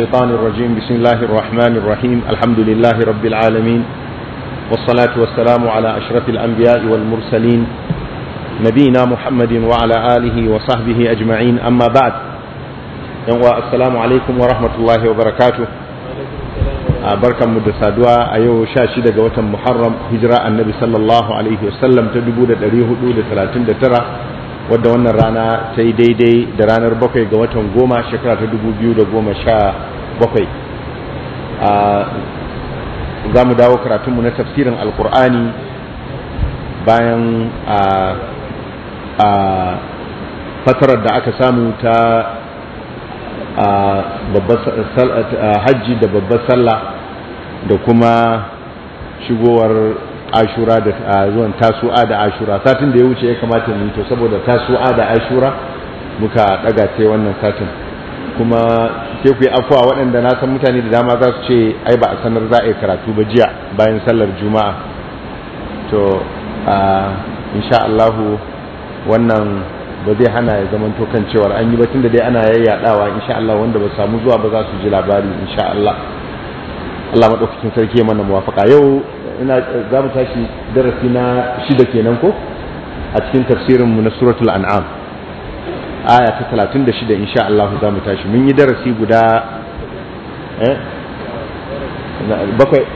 الشيطان الرجيم بسم الله الرحمن الرحيم الحمد لله رب العالمين والصلاة والسلام على أشرف الأنبياء والمرسلين نبينا محمد وعلى آله وصحبه أجمعين أما بعد السلام عليكم ورحمة الله وبركاته بركة مدرسة دعاء أيو شاشدة قوة محرم هجراء النبي صلى الله عليه وسلم تدبود الأريه دولة 30 ترى wadda wannan rana ta yi daidai da ranar bakwai ga watan goma shekara ta dubu biyu da goma sha bakwai za mu dawo karatunmu na tafsirin alkur'ani bayan a fatarar da aka samu ta hajji da babbar sallah da kuma shigowar ashura da zuwan tasu'a da ashura satin da ya wuce ya kamata mu to saboda tasu'a da ashura muka daga sai wannan satin kuma sai ku yi afuwa waɗanda na san mutane da dama za su ce ai ba a sanar za a yi karatu ba jiya bayan sallar juma'a to insha Allahu wannan ba zai hana ya zama tokan cewar an yi batun da dai ana yayyadawa insha Allah wanda ba samu zuwa ba za su ji labari insha Allah Allah madaukakin sarki ya mana muwafaka yau ina za mu tashi darasi na shida kenan ko a cikin tafsirin mu na suratul an'am aya ta 36 insha Allah za mu tashi mun yi darasi guda eh bakwai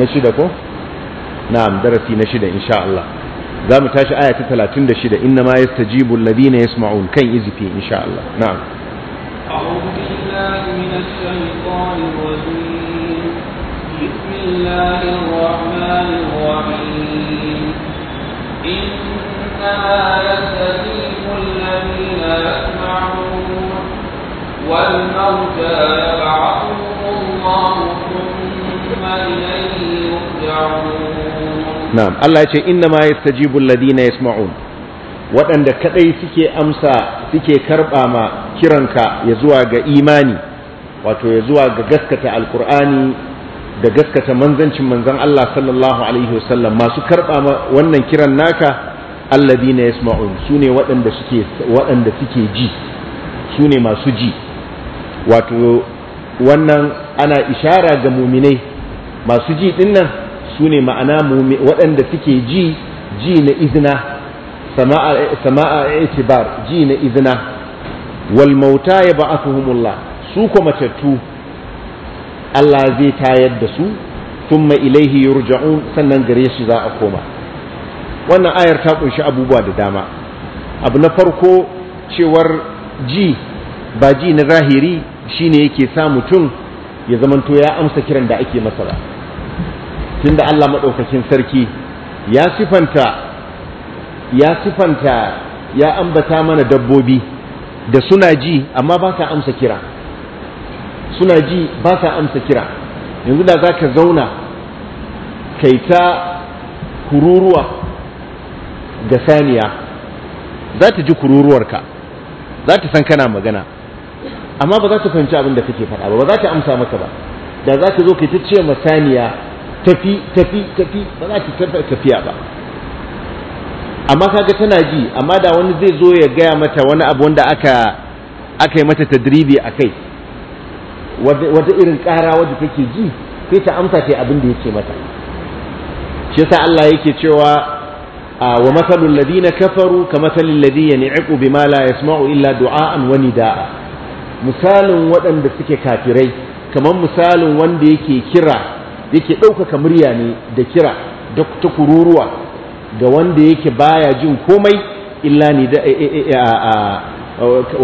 na shida ko na'am darasi na shida insha Allah za mu tashi aya ta 36 inna ma yastajibu alladhina yasma'un kan izifi insha Allah na'am أعوذ بالله من الشيطان الرجيم بسم الله الرحمن الرحيم إنما يستجيب الذين يسمعون والموتى يبعثهم الله ثم إليه يرجعون نعم الله يقول إنما يستجيب الذين يسمعون waɗanda kaɗai suke amsa suke karɓa ma kiranka ya zuwa ga imani wato ya zuwa ga gaskata alkur'ani da gaskata manzancin manzan Allah sallallahu alaihi wasallam masu karɓa wannan kiran naka alladina yasma'un sune su suke waɗanda suke ji sune masu ji wato wannan ana ishara ga muminai masu ji dinnan sune ma'ana waɗanda suke ji ji na izina sama'a sama'a itibar ji na izina wal mauta yab'athuhumullah su ko matattu Allah zai tayar da su thumma ilaihi yurja'un sannan gare su za a koma wannan ayar ta kunshi abubuwa da dama abu na farko cewar ji ba ji na zahiri shi ne yake sa mutum ya zamanto ya amsa kiran da ake masa ba da Allah maɗaukakin sarki ya sifanta ya sifanta ya ambata mana dabbobi da suna ji amma ba ta amsa kiran. suna ji ba sa amsa kira yanzu da za ka zauna kai ta kururuwa ga saniya za ta ji kururuwarka za ta san kana magana amma ba za ta fahimci abin da kake faɗa ba za ta amsa maka ba da za ta zo kai ta ce ma saniya tafi tafi tafi ba za ta tafi tafiya ba amma kaga tana ji amma da wani zai zo ya gaya mata wani abu wanda aka aka yi mata tadribi a kai wata irin ƙara wadda take ji sai ta amsa ta abin da yake mata shi yasa Allah yake cewa wa masalul ladina kafaru ka masalil ladhi yan'iqu bima la yasma'u illa du'a'an wa nida'a misalin waɗanda suke kafirai kamar misalin wanda yake kira yake ɗaukaka murya ne da kira da ta kururuwa ga wanda yake baya jin komai illa ni da e, e, e,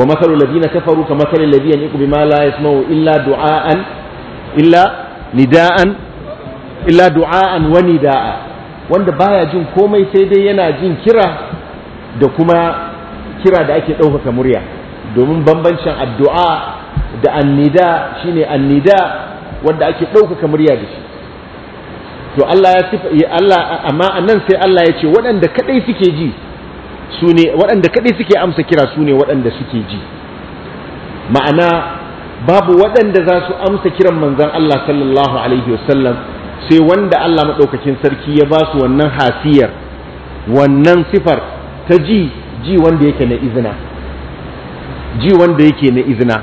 wa masalu ladina kafaru ka masalu ladhi yanqu bima la yasma'u illa du'aan illa nida'an illa du'aan wa nida'a wanda baya jin komai sai dai yana jin kira da kuma kira da ake ɗaukaka murya domin bambancin addu'a da annida shine annida wanda ake ɗaukaka murya da shi to Allah ya sifa Allah amma anan sai Allah ya ce waɗanda kadai suke ji su ne waɗanda kaɗai suke amsa kira su ne waɗanda suke ji ma'ana babu waɗanda za su amsa kiran manzan Allah sallallahu alaihi wasallam sai wanda Allah maɗaukakin sarki ya ba su wannan hasiyar wannan sifar ta ji ji wanda yake na izina ji wanda yake na izina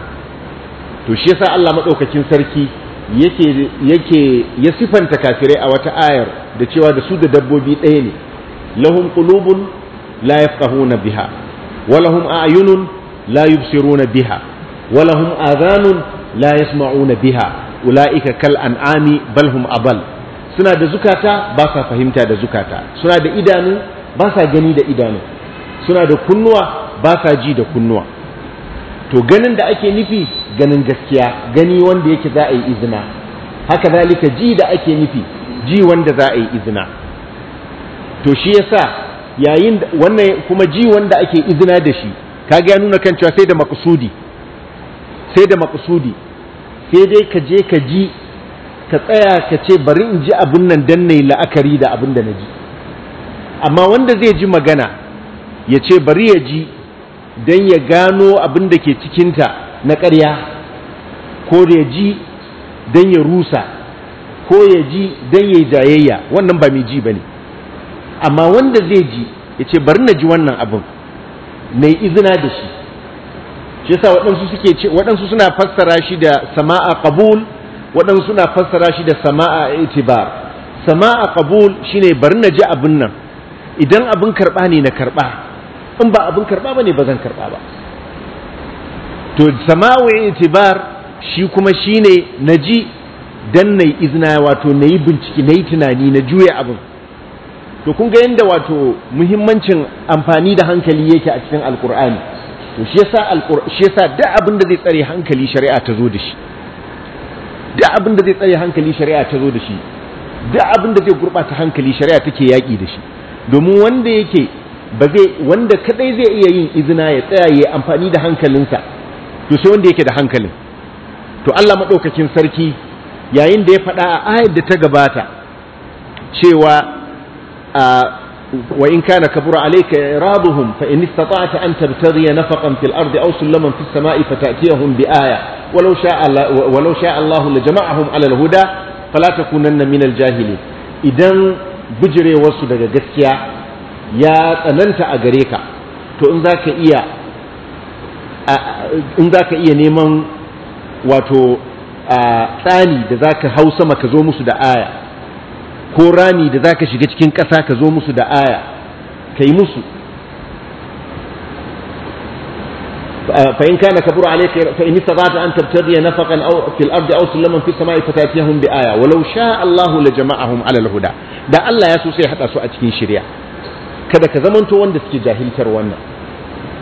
to shi yasa Allah maɗaukakin sarki yake ya sifanta kafirai a wata ayar da cewa da su da dabbobi ɗaya ne lahum qulubun la na biha walahum a'yunun la na biha walahum adhanun la yasma'una biha ulaika kal an'ami bal hum abal suna da zukata ba sa fahimta da zukata suna da idanu ba sa gani da idanu suna da kunnuwa ba sa ji da kunnuwa to ganin da ake nufi ganin gaskiya gani wanda yake za a yi izina haka zalika ji da ake nufi ji wanda za a yi izina to shi yasa yayin wannan kuma ji wanda ake izina da shi ka ya nuna kan cewa sai da makusudi sai da makusudi sai dai ka je ka ji ka tsaya ka ce bari in ji abin nan dan nayi la'akari da abin da na ji amma wanda zai ji magana ya ce bari ya ji dan ya gano abin da ke cikinta na ƙarya ko da ya ji dan ya rusa ko ya ji dan ya yi jayayya wannan ba mai ji ba ne amma wanda zai ji ya ce bari na ji wannan abin na yi izina da shi shi yasa waɗansu suke ce waɗansu suna fassara shi da sama'a qabul waɗansu suna fassara shi da sama'a itibar sama'a qabul shine bari na ji abin nan idan abin karɓa ne na karɓa in ba abin karɓa ba ne ba zan karɓa ba to sama'a itibar shi kuma shine na ji dan na yi izina wato na yi bincike na yi tunani na juya abin to kun ga yadda wato muhimmancin amfani da hankali yake a cikin alkur'ani to shi yasa shi yasa duk abin da zai tsare hankali shari'a ta zo da shi duk abin da zai tsare hankali shari'a ta zo da shi duk abin da zai gurbata hankali shari'a take yaƙi da shi domin wanda yake ba zai wanda kadai zai iya yin izina ya tsaya ya amfani da hankalinsa to sai wanda yake da hankalin to Allah madaukakin sarki yayin da ya faɗa a ayat da ta gabata cewa آه، وإن كان كبر عليك إعراضهم فإن استطعت أن تبتغي نفقا في الأرض أو سلما في السماء فتأتيهم بآية ولو شاء ولو شاء الله لجمعهم على الهدى فلا تكونن من الجاهلين إذا بجري وصل جسيا يا أننت أجريك تو إن ذاك إيا آه، إن ذاك إيا نيمان وتو آه، ثاني da هوسما كزومس دعاء آية. ko rami da za ka shiga cikin ƙasa ka zo musu da aya ka yi musu Alayka فإن كان كبر عليك فإن استطعت أن تبتغي نفقا أو fi الأرض أو سلما في السماء فتأتيهم بآية ولو شاء الله لجمعهم على da. دا الله يسوع sai hada su a cikin shari'a kada ka zamanto wanda suke jahiltar wannan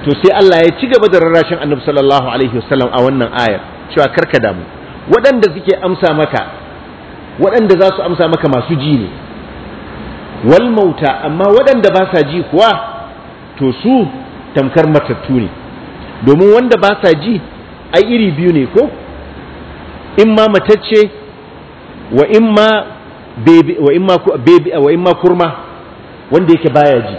to sai Allah ya ci gaba da rarrashin Annabi sallallahu alaihi wasallam a wannan aya. cewa karka damu waɗanda suke amsa maka waɗanda za su amsa maka masu ji ne wal mauta amma waɗanda ba sa ji kuwa to su tamkar matattu ne domin wanda ba sa ji ai iri biyu ne ko in ma matacce wa in ma wa in ma kurma wanda yake baya ji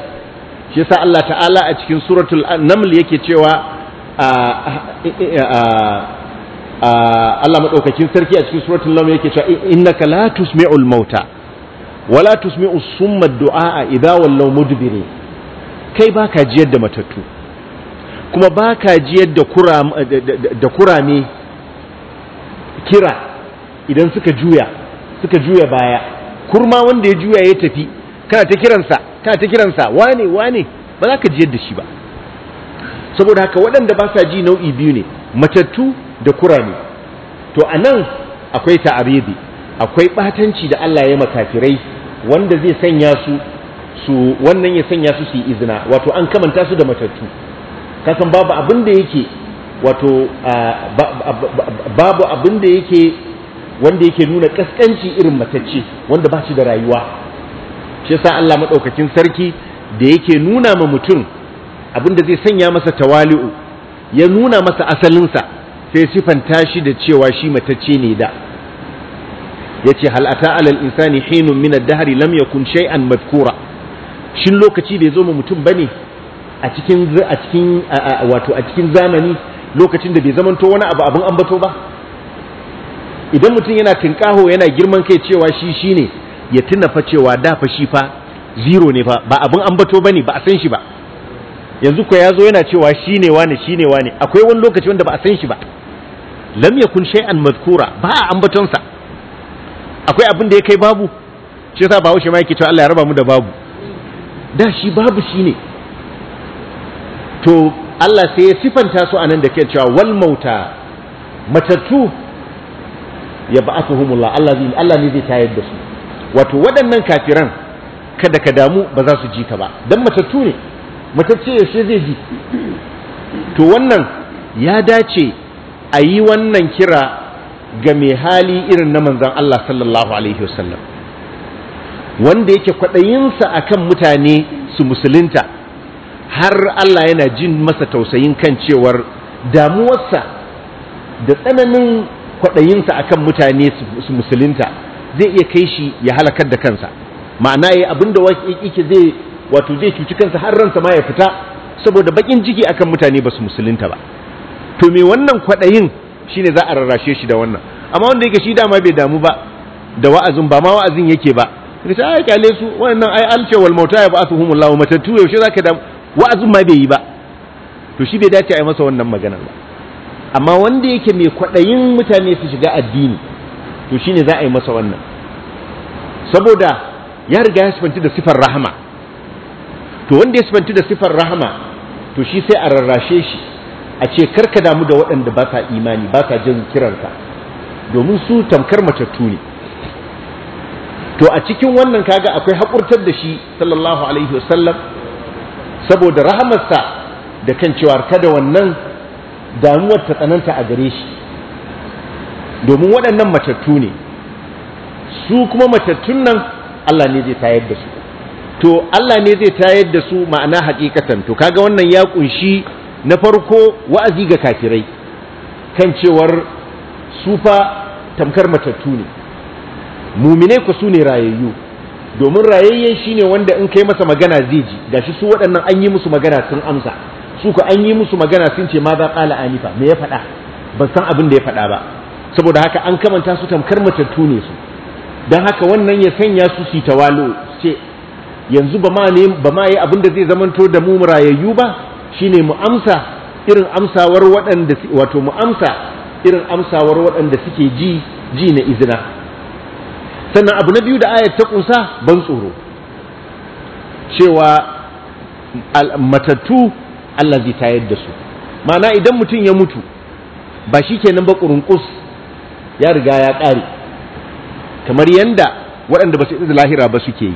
shi yasa Allah ta'ala a cikin suratul naml yake cewa Allah madaukakin sarki a cikin suratul lam yake cewa innaka la tusmi'ul mauta wala tusmi'u summa du'a idza wallaw mudbiri kai baka jiyar da matattu kuma baka jiyar da kurame da kurame kira idan suka juya suka juya baya kurma wanda ya juya ya tafi kana ta kiransa kana ta kiransa wane wane ba za ka jiyar da shi ba saboda haka waɗanda ba sa ji nau'i biyu ne matattu da kurami to a nan akwai ta'aridi akwai batanci da Allah ya makafirai wanda zai sanya su su wannan ya sanya su su yi izina wato an kamanta su da matattu kasan babu abin da yake wato babu abin da yake wanda yake nuna kaskanci irin matacce wanda ba shi da rayuwa shi sa Allah madaukakin sarki da yake nuna ma mutum abin da zai sanya masa tawali'u ya nuna masa asalinsa sai sifanta shi da cewa shi matacce ne da yace hal ata alal insani hinun min ad-dahr lam yakun shay'an madhkura shin lokaci bai zo mu mutum bane a cikin a cikin wato a cikin zamani lokacin da bai zamanto wani abu abin ambato ba idan mutum yana tinkaho yana girman kai cewa shi shine ya tuna fa cewa da fa shi fa zero ne fa ba abin ambato bane ba a san shi ba yanzu ko ya zo yana cewa shine wani shine wani akwai wani lokaci wanda ba a san shi ba lam yakun shay'an madhkura ba a ambaton sa akwai abin da ya kai babu shi yasa bawo shi ma yake cewa Allah ya raba mu da babu da shi babu shine to Allah sai ya sifanta su anan da ke cewa wal mauta matattu ya ba'athuhumullah Allah zai Allah ne zai tayar da su wato waɗannan kafiran kada ka damu ba za su ji ka ba dan matattu ne matacce sai zai ji to wannan ya dace a yi wannan kira ga mai hali irin na manzan Allah sallallahu alaihi wasallam wanda yake kwaɗayinsa kan mutane su musulunta har Allah yana jin masa tausayin kan cewar damuwarsa da tsananin kwaɗayinsa a kan mutane su musulunta zai iya kai shi ya halakar da kansa ma'ana ya abinda yake zai wato zai cuci kansa har ransa ma ya fita saboda bakin jiki akan mutane ba su musulunta ba to me wannan kwaɗayin shine za a rarrashe shi da wannan amma wanda yake shi dama bai damu ba da wa'azin ba ma wa'azin yake ba kace ai kale su wannan ai alce wal mauta ya ba'athuhum Allah matattu yaushe zaka da wa'azin ma bai yi ba to shi bai dace a yi masa wannan maganar ba amma wanda yake mai kwaɗayin mutane su shiga addini to shine za a yi masa wannan saboda ya riga ya sifanci da sifar rahama to wanda ya sifanci da sifar rahama to shi sai a rarrashe shi a ce karka damu da waɗanda ba sa imani ba sa jin kiranka domin su tamkar matattu ne to a cikin wannan kaga akwai haƙurtar da shi sallallahu alaihi wasallam saboda rahamarsa da kan cewar kada wannan damuwar ta tsananta a gare shi domin waɗannan matattu ne su kuma matattun nan Allah ne zai tayar da su to Allah ne zai tayar da su ma'ana hakikatan to kaga wannan ya ƙunshi. na farko wa'azi ga kafirai kan cewar sufa tamkar matattu ne muminai ku su ne rayayyu domin rayayyen shine wanda in kai masa magana zai ji gashi su waɗannan an yi musu magana sun amsa su ku an yi musu magana sun ce ma za ƙala anifa me ya faɗa ban san abin da ya faɗa ba saboda haka an kamanta su tamkar matattu ne su don haka wannan ya sanya su su tawalo ce yanzu ba ma yi abin da zai zamanto da mu rayayyu ba shine mu amsa irin amsawar waɗanda wato mu amsa irin amsawar waɗanda suke ji ji na izina sannan abu na biyu da ayat ta ƙunsa ban tsoro cewa matattu Allah zai tayar da su ma'ana idan mutum ya mutu ba shi ke nan ba ƙurunƙus ya riga ya ƙare kamar yanda waɗanda ba su da lahira ba suke yi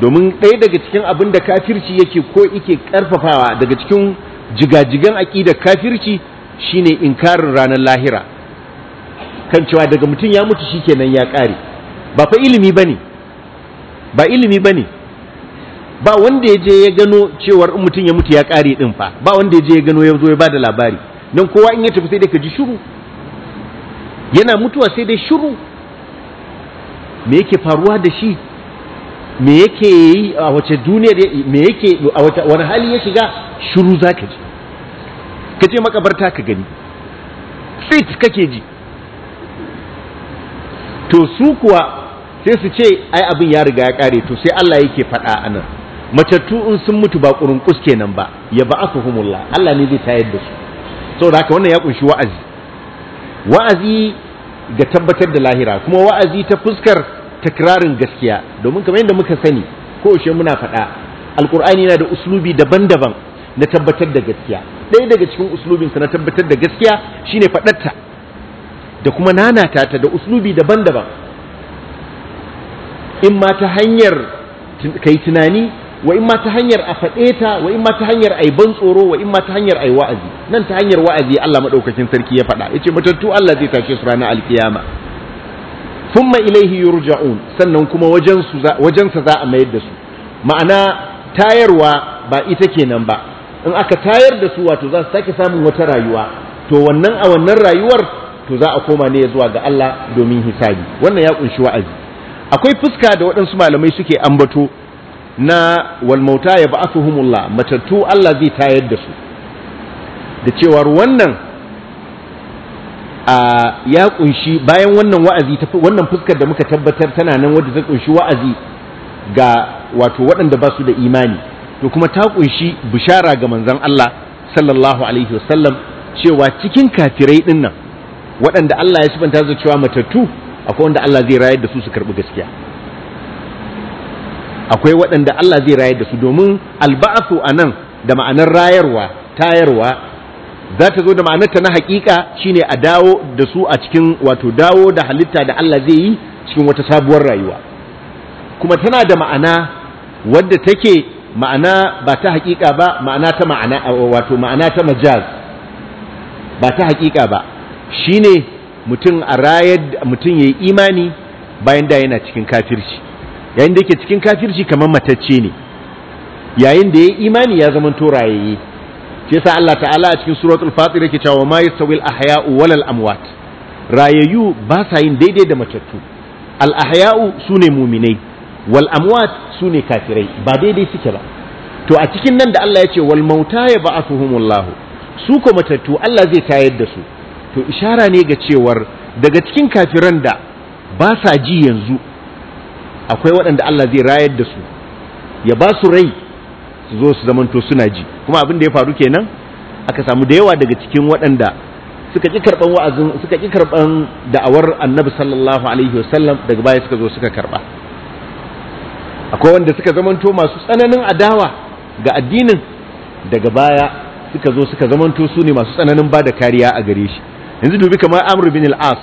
domin ɗaya daga cikin abin da kafirci yake ko yake ƙarfafawa daga cikin jigajigan da kafirci shine inkarin ranar lahira kan cewa daga mutum ya mutu shi kenan ya ƙare ba fa ilimi ba ne. ba ilimi ba ne. ba wanda ya je ya gano cewar in mutum ya mutu ya ƙare din fa ba wanda ya je ya gano ya zo ya bada labari nan kowa in ya tafi sai dai ka ji shiru yana mutuwa sai dai shiru me yake faruwa da shi me yake yi a wace duniya me yake a wace wani hali ya shiga shiru ka ji ka je makabarta ka gani fit kake ji to su kuwa sai su ce ai abin ya riga ya kare to sai Allah yake faɗa nan matattu in sun mutu ba kurun ƙuske nan ba ya ba ba'athuhumullah Allah ne zai tayar da su saboda haka wannan ya kunshi wa'azi wa'azi ga tabbatar da lahira kuma wa'azi ta fuskar takrarin gaskiya domin kamar yadda muka sani ko shi muna faɗa alkur'ani yana da uslubi daban-daban na tabbatar da gaskiya ɗaya daga cikin uslubinsa na tabbatar da gaskiya shine faɗarta da kuma nanata ta da uslubi daban-daban in ma ta hanyar kai tunani wa in ma ta hanyar a faɗe ta wa in ma ta hanyar a yi ban tsoro wa in ma ta hanyar a yi wa'azi nan ta hanyar wa'azi Allah madaukakin sarki ya faɗa ya ce matattu Allah zai tashe su ranar alkiyama thumma ilaihi yurja'un sannan kuma wajen sa za a mayar da su ma'ana tayarwa ba ita kenan ba in aka tayar da su wato za su sake samun wata rayuwa to wannan a wannan rayuwar to za a koma ne zuwa ga Allah domin hisabi wannan ya kunshi wa'azi akwai fuska da waɗansu malamai suke ambato na walmauta ya ba'athuhumullah matattu Allah zai tayar da su da cewar wannan ya kunshi bayan wannan wa'azi wannan fuskar da muka tabbatar tana nan wadda ta kunshi wa'azi ga wato waɗanda ba su da imani to kuma ta kunshi bishara ga manzon Allah sallallahu alaihi wasallam cewa cikin kafirai din nan waɗanda Allah ya shibanta da cewa matattu akwai wanda Allah zai rayar da su su karɓi gaskiya akwai waɗanda Allah zai rayar da su domin a nan da ma'anar rayarwa tayarwa za ta zo da ma'anarta na haƙiƙa shine a dawo da su a cikin wato dawo da halitta da Allah zai yi cikin wata sabuwar rayuwa kuma tana da ma'ana wadda take ma'ana ba ta haƙiƙa ba ma'ana ta ma'ana wato ma'ana ta majaz ba ta haƙiƙa ba shine mutum a rayar mutum yayi imani bayan da yana cikin kafirci yayin da yake cikin kafirci kamar matacce ne yayin da yayi imani ya zama to rayayye shi yasa Allah ta'ala a cikin suratul fatir yake cewa ma yastawil ahya'u amwat rayayyu ba sa yin daidai da matattu al ahya'u sune muminai wal amwat sune kafirai ba daidai suke ba to a cikin nan da Allah ya ce wal mauta ya ba'athuhumullahu su ko matattu Allah zai tayar da su to ishara ne ga cewar daga cikin kafiran da ba sa ji yanzu akwai waɗanda Allah zai rayar da su ya ba su rai su zo su zamanto suna ji kuma abin da ya faru kenan aka samu da yawa daga cikin waɗanda suka ƙi karɓan wa'azin suka ƙi karɓan da'awar annabi sallallahu alaihi wasallam daga baya suka zo suka karɓa akwai wanda suka zamanto masu tsananin adawa ga addinin daga baya suka zo suka zamanto su ne masu tsananin bada kariya a gare shi yanzu dubi kamar amr bin al-as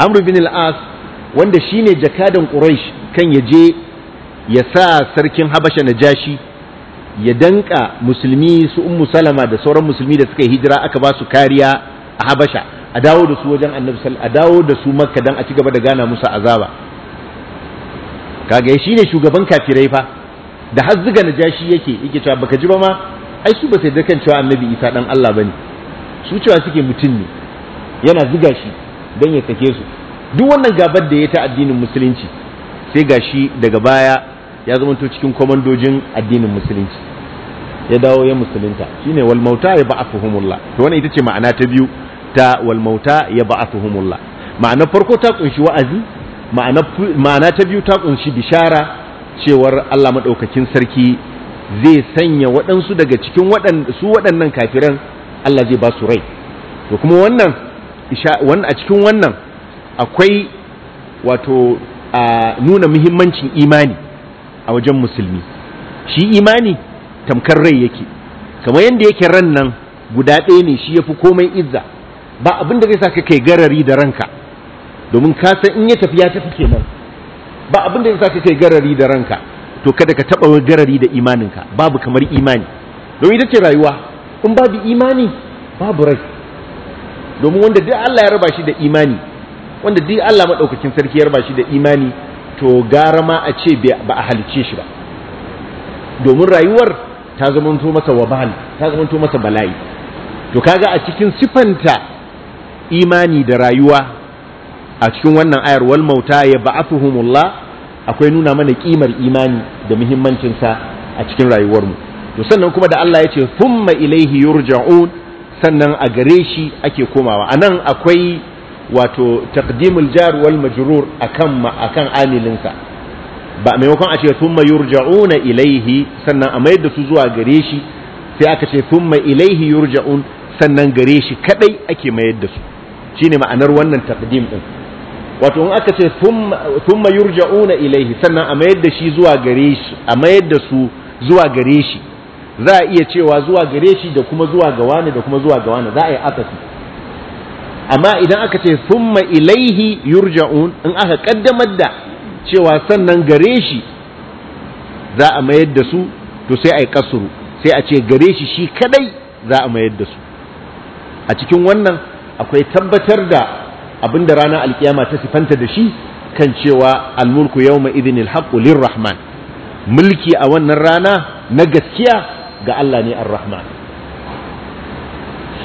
amr bin al-as wanda shine jakadan quraish kan ya je ya sa sarkin habasha najashi ya danka musulmi su ummu salama da sauran musulmi da suka yi hijira aka ba su kariya a habasha a dawo da su wajen annabi a dawo da su makka dan a ci gaba da gana musu azaba kaga shi ne shugaban kafirai fa da har zuga najashi yake yake cewa baka ji ba ma ai su ba sai da cewa annabi isa dan Allah bane su cewa suke mutum ne yana zuga shi dan ya sake su duk wannan gabar da ya ta addinin musulunci sai gashi daga baya ya to cikin komandojin addinin musulunci ya dawo ya musulunta shine wal mauta ya ba'athuhumullah to wannan ita ce ma'ana ta biyu ta wal mauta ya ba'athuhumullah ma'ana farko ta kunshi wa'azi ma'ana ta biyu ta kunshi bishara cewar Allah madaukakin sarki zai sanya waɗansu daga cikin su waɗannan kafiran Allah zai ba su rai to kuma wannan a cikin wannan akwai wato nuna muhimmancin imani a wajen musulmi shi imani tamkar rai yake kamar yadda yake ran nan guda ɗaya ne shi ya fi komai izza ba abin da zai sa kai garari da ranka domin kasa in ya tafi ya tafi ba abin da zai sa ka kai garari da ranka to kada ka taɓa garari da imaninka babu kamar imani domin ita ce rayuwa in babu imani babu rai domin wanda duk Allah ya raba shi da imani wanda duk Allah maɗaukakin sarki ya raba shi da imani to gara ma a ce ba a halicce shi ba domin rayuwar ta zamanto masa wabal ta zamanto masa bala'i to kaga a cikin sifanta imani da rayuwa a cikin wannan ayar wal mauta ya ba'athuhumullah akwai nuna mana kimar imani da muhimmancin sa a cikin rayuwar mu to sannan kuma da Allah ya ce thumma ilaihi yurja'un sannan a gare shi ake komawa anan akwai wato taqdimul jar wal majrur akan akan amilinsa ba maimakon a ce thumma yurja'una ilaihi sannan a mayar da su zuwa gare shi sai aka ce thumma ilaihi yurja'un sannan gare shi kadai ake mayar da su shine ma'anar wannan taqdim din wato in aka ce thumma yurja'una ilaihi sannan a mayar da shi zuwa gare shi a mayar da su zuwa gare shi za a iya cewa zuwa gare shi da kuma zuwa ga wani da kuma zuwa ga wani za a yi akasi amma idan aka ce summa ilaihi yurja'un in aka kaddamar da cewa sannan gare shi za a mayar da su to sai a yi kasuru sai a ce gare shi shi kadai za a mayar da su a cikin wannan akwai tabbatar da abin da ranar alkiyama ta sifanta da shi kan cewa almulku yawma izinin haqqu rahman, mulki a wannan rana na gaskiya ga Allah ne ar-rahman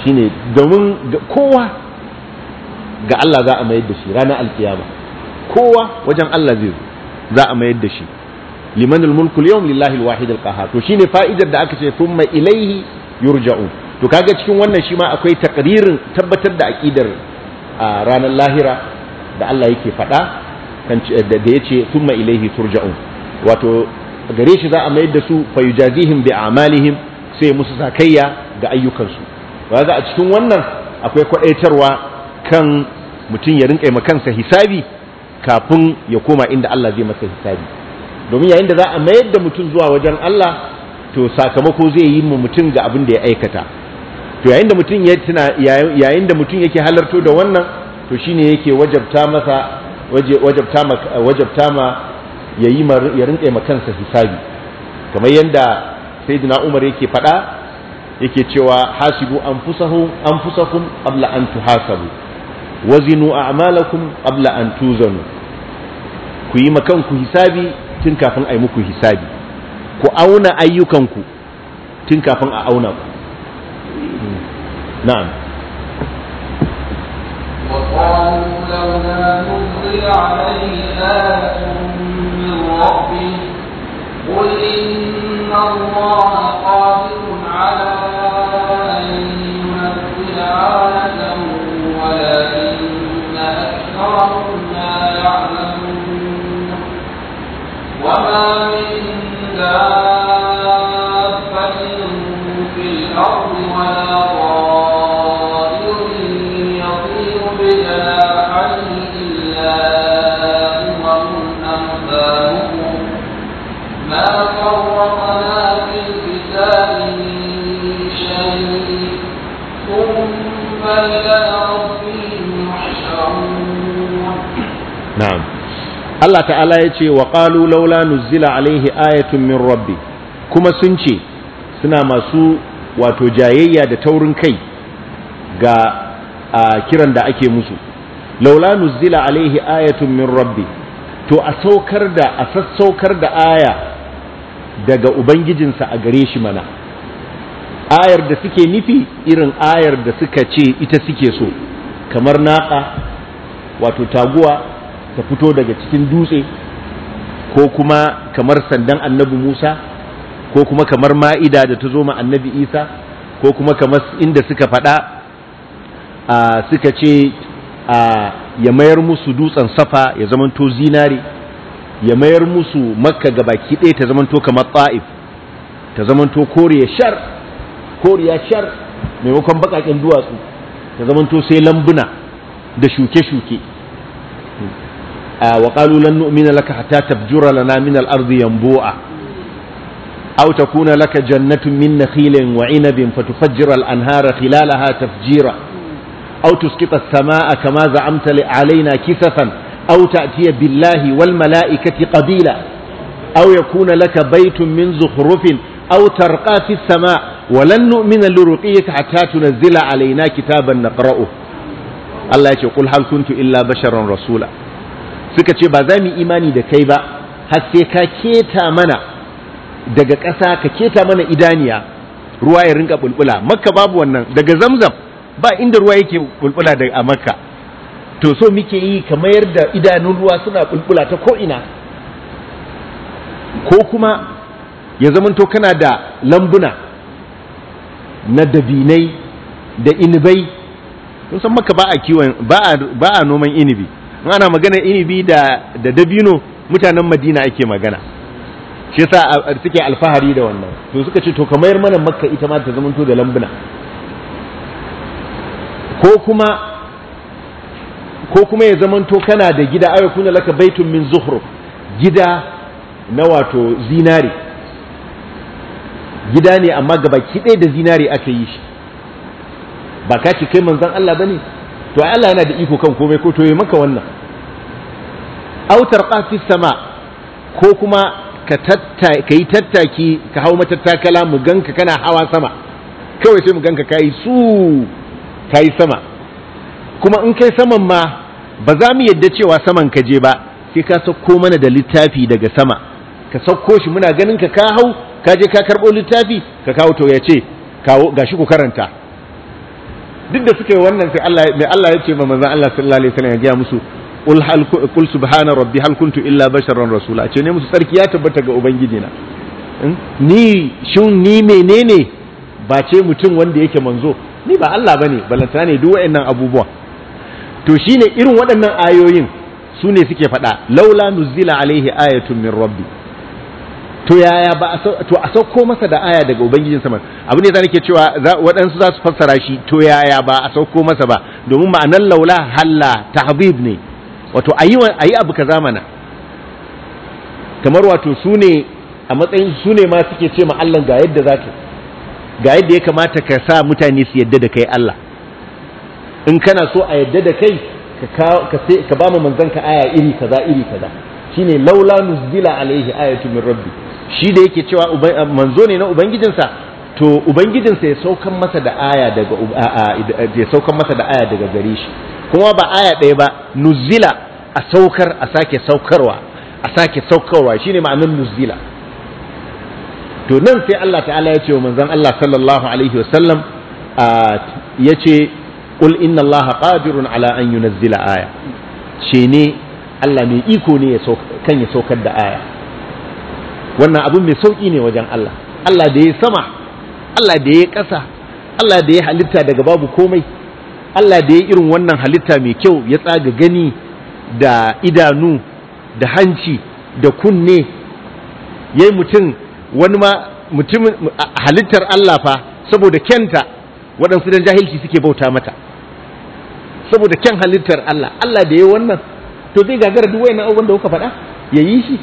shine domin kowa ga Allah za a mayar da shi ranar alkiyama kowa wajen Allah zai zo za a mayar da shi liman mulku yawm lillahi alwahid alqahhar to shine fa'idar da aka ce thumma ilaihi yurja'u to kaga cikin wannan shi ma akwai takririn tabbatar da aqidar ranar lahira da Allah yake faɗa da yace thumma ilaihi turja'u wato gare shi za a mayar da su fa yujazihim bi amalihim sai musu zakayya ga ayyukansu ba a cikin wannan akwai kwadaitarwa Kan mutum ya ma kansa hisabi kafin ya koma inda Allah zai masa hisabi domin yayin da za a mayar da mutum zuwa wajen Allah to sakamako zai yi ma mutum ga abin da ya aikata to yayin da mutum ya tuna yayin da mutum yake halarto da wannan to shine yake wajabta masa wajabta ma wajabta ma yayi ya ma kansa hisabi kamar yanda sayyidina Umar yake faɗa yake cewa hasibu anfusahum anfusakum qabla an tuhasabu wazinu a'malakum qabla an tuzanu ku yi makan ku hisabi tun kafin a yi muku hisabi ku auna ayyukanku tun kafin a auna ku na'am وقالوا قل إن الله قادر على أن ينزل Paulo Allah ta'ala ya ce wa qalu laula nuzila alaihi ayatun min rabbi kuma sun ce suna masu wato jayayya da taurin kai ga a kiran da ake musu laula nuzila alaihi ayatun min rabbi to a saukar da a sassaukar da aya daga ubangijinsa a gare shi mana ayar da suke nufi irin ayar da suka ce ita suke so kamar naƙa wato taguwa ta fito daga cikin dutse ko kuma kamar sandan annabi musa ko kuma kamar ma'ida da ta zo ma annabi isa ko kuma kamar inda suka faɗa suka ce ya mayar musu dutsen safa ya zamanto zinare ya mayar musu makka ga baki ɗaya ta zamanto kamar ta'if ta zamanto koriya shar koriya shar maimakon baƙaƙen duwatsu ta zamanto sai lambuna da shuke-shuke آه، وقالوا لن نؤمن لك حتى تفجر لنا من الأرض ينبوءا أو تكون لك جنة من نخيل وعنب فتفجر الأنهار خلالها تفجيرا أو تسقط السماء كما زعمت علينا كسفا أو تأتي بالله والملائكة قبيلا أو يكون لك بيت من زخرف أو ترقى في السماء ولن نؤمن لرقيك حتى تنزل علينا كتابا نقرأه الله يقول هل كنت إلا بشرا رسولا suka ce ba za mu imani da kai ba har sai ka keta mana daga ƙasa ka keta mana idaniya ruwa ya rinka bulbula makka babu wannan daga zamzam ba inda ruwa yake bulbula daga a makka to so muke yi ka mayar da idanun ruwa suna bulbula ta ko ina ko kuma ya zamanto kana da lambuna na dabinai da inibai musamman san ba a kiwon ba a noman inibi ana magana inibi da da dabino mutanen madina ake magana shi yasa suke alfahari da wannan to suka ce to kamar mana makka ita ma ta zamanto da lambuna ko kuma ko kuma ya zamanto kana da gida ayo kuna laka baitun min zuhru gida na wato zinari gida ne amma gabaki ɗaya da zinari aka yi shi ba ka ce kai manzon Allah bane to Allah yana da iko kan komai ko to yi maka wannan aw tarqa sama ko kuma ka tatta tattaki ka hau matattakala mu ganka kana hawa sama kawai sai mu ganka kai su kai sama kuma in kai saman ma ba za mu yadda cewa saman ka je ba sai ka sauko mana da littafi daga sama ka sauko shi muna ganin ka ka hau ka je ka karɓo littafi ka kawo to ya ce kawo gashi ku karanta duk da suka yi wannan sai Allah mai Allah ya ce ma manzon Allah sallallahu alaihi wasallam ya gaya musu ul hal kul subhana rabbi hal kuntu illa basharan rasula ce ne musu sarki ya tabbata ga ubangiji na hmm? ni shin ni menene ba ce mutum wanda yake manzo ni ba Allah bane balanta ne duk waɗannan abubuwa to shine irin waɗannan ayoyin su ne suke faɗa laula nuzila alaihi ayatun min rabbi to yaya ba to a sauko masa da aya daga ubangijin sama abu ne da nake cewa waɗansu za su fassara shi to yaya ba a sauko masa ba domin ma'anar laula halla tahbib ne wato ayi ayi abu ka zamana kamar wato su a matsayin su ma suke ce ma Allah ga yadda za ka ga yadda ya kamata ka sa mutane su yadda da kai Allah in kana so a yadda da kai ka ba mu manzon ka aya iri kaza iri kaza shine laula nuzila alaihi ayatu min rabbi shi da yake cewa manzo ne na ubangijinsa to ubangijinsa ya saukan masa da aya daga ya saukan masa da aya daga gare shi kuma ba aya ɗaya ba nuzila a saukar a sake saukarwa a sake saukarwa shine ma'anar nuzila to nan sai Allah ta'ala ya ce wa manzon Allah sallallahu alaihi wasallam ya ce qul inna Allah qadirun ala an yunazzila aya shi ne Allah mai iko ne kan ya saukar da aya wannan abin mai sauki ne wajen Allah Allah da ya sama Allah da ya ƙasa Allah da ya halitta daga babu komai Allah da ya irin wannan halitta mai kyau ya tsaga gani da idanu da hanci da kunne ya yi mutum wani ma mutumin halittar Allah fa saboda kyanta waɗansu don jahilci suke bauta mata saboda kyan halittar Allah Allah da ya yi wannan to zai gagara duk wayannan abubuwan da kuka faɗa ya yi shi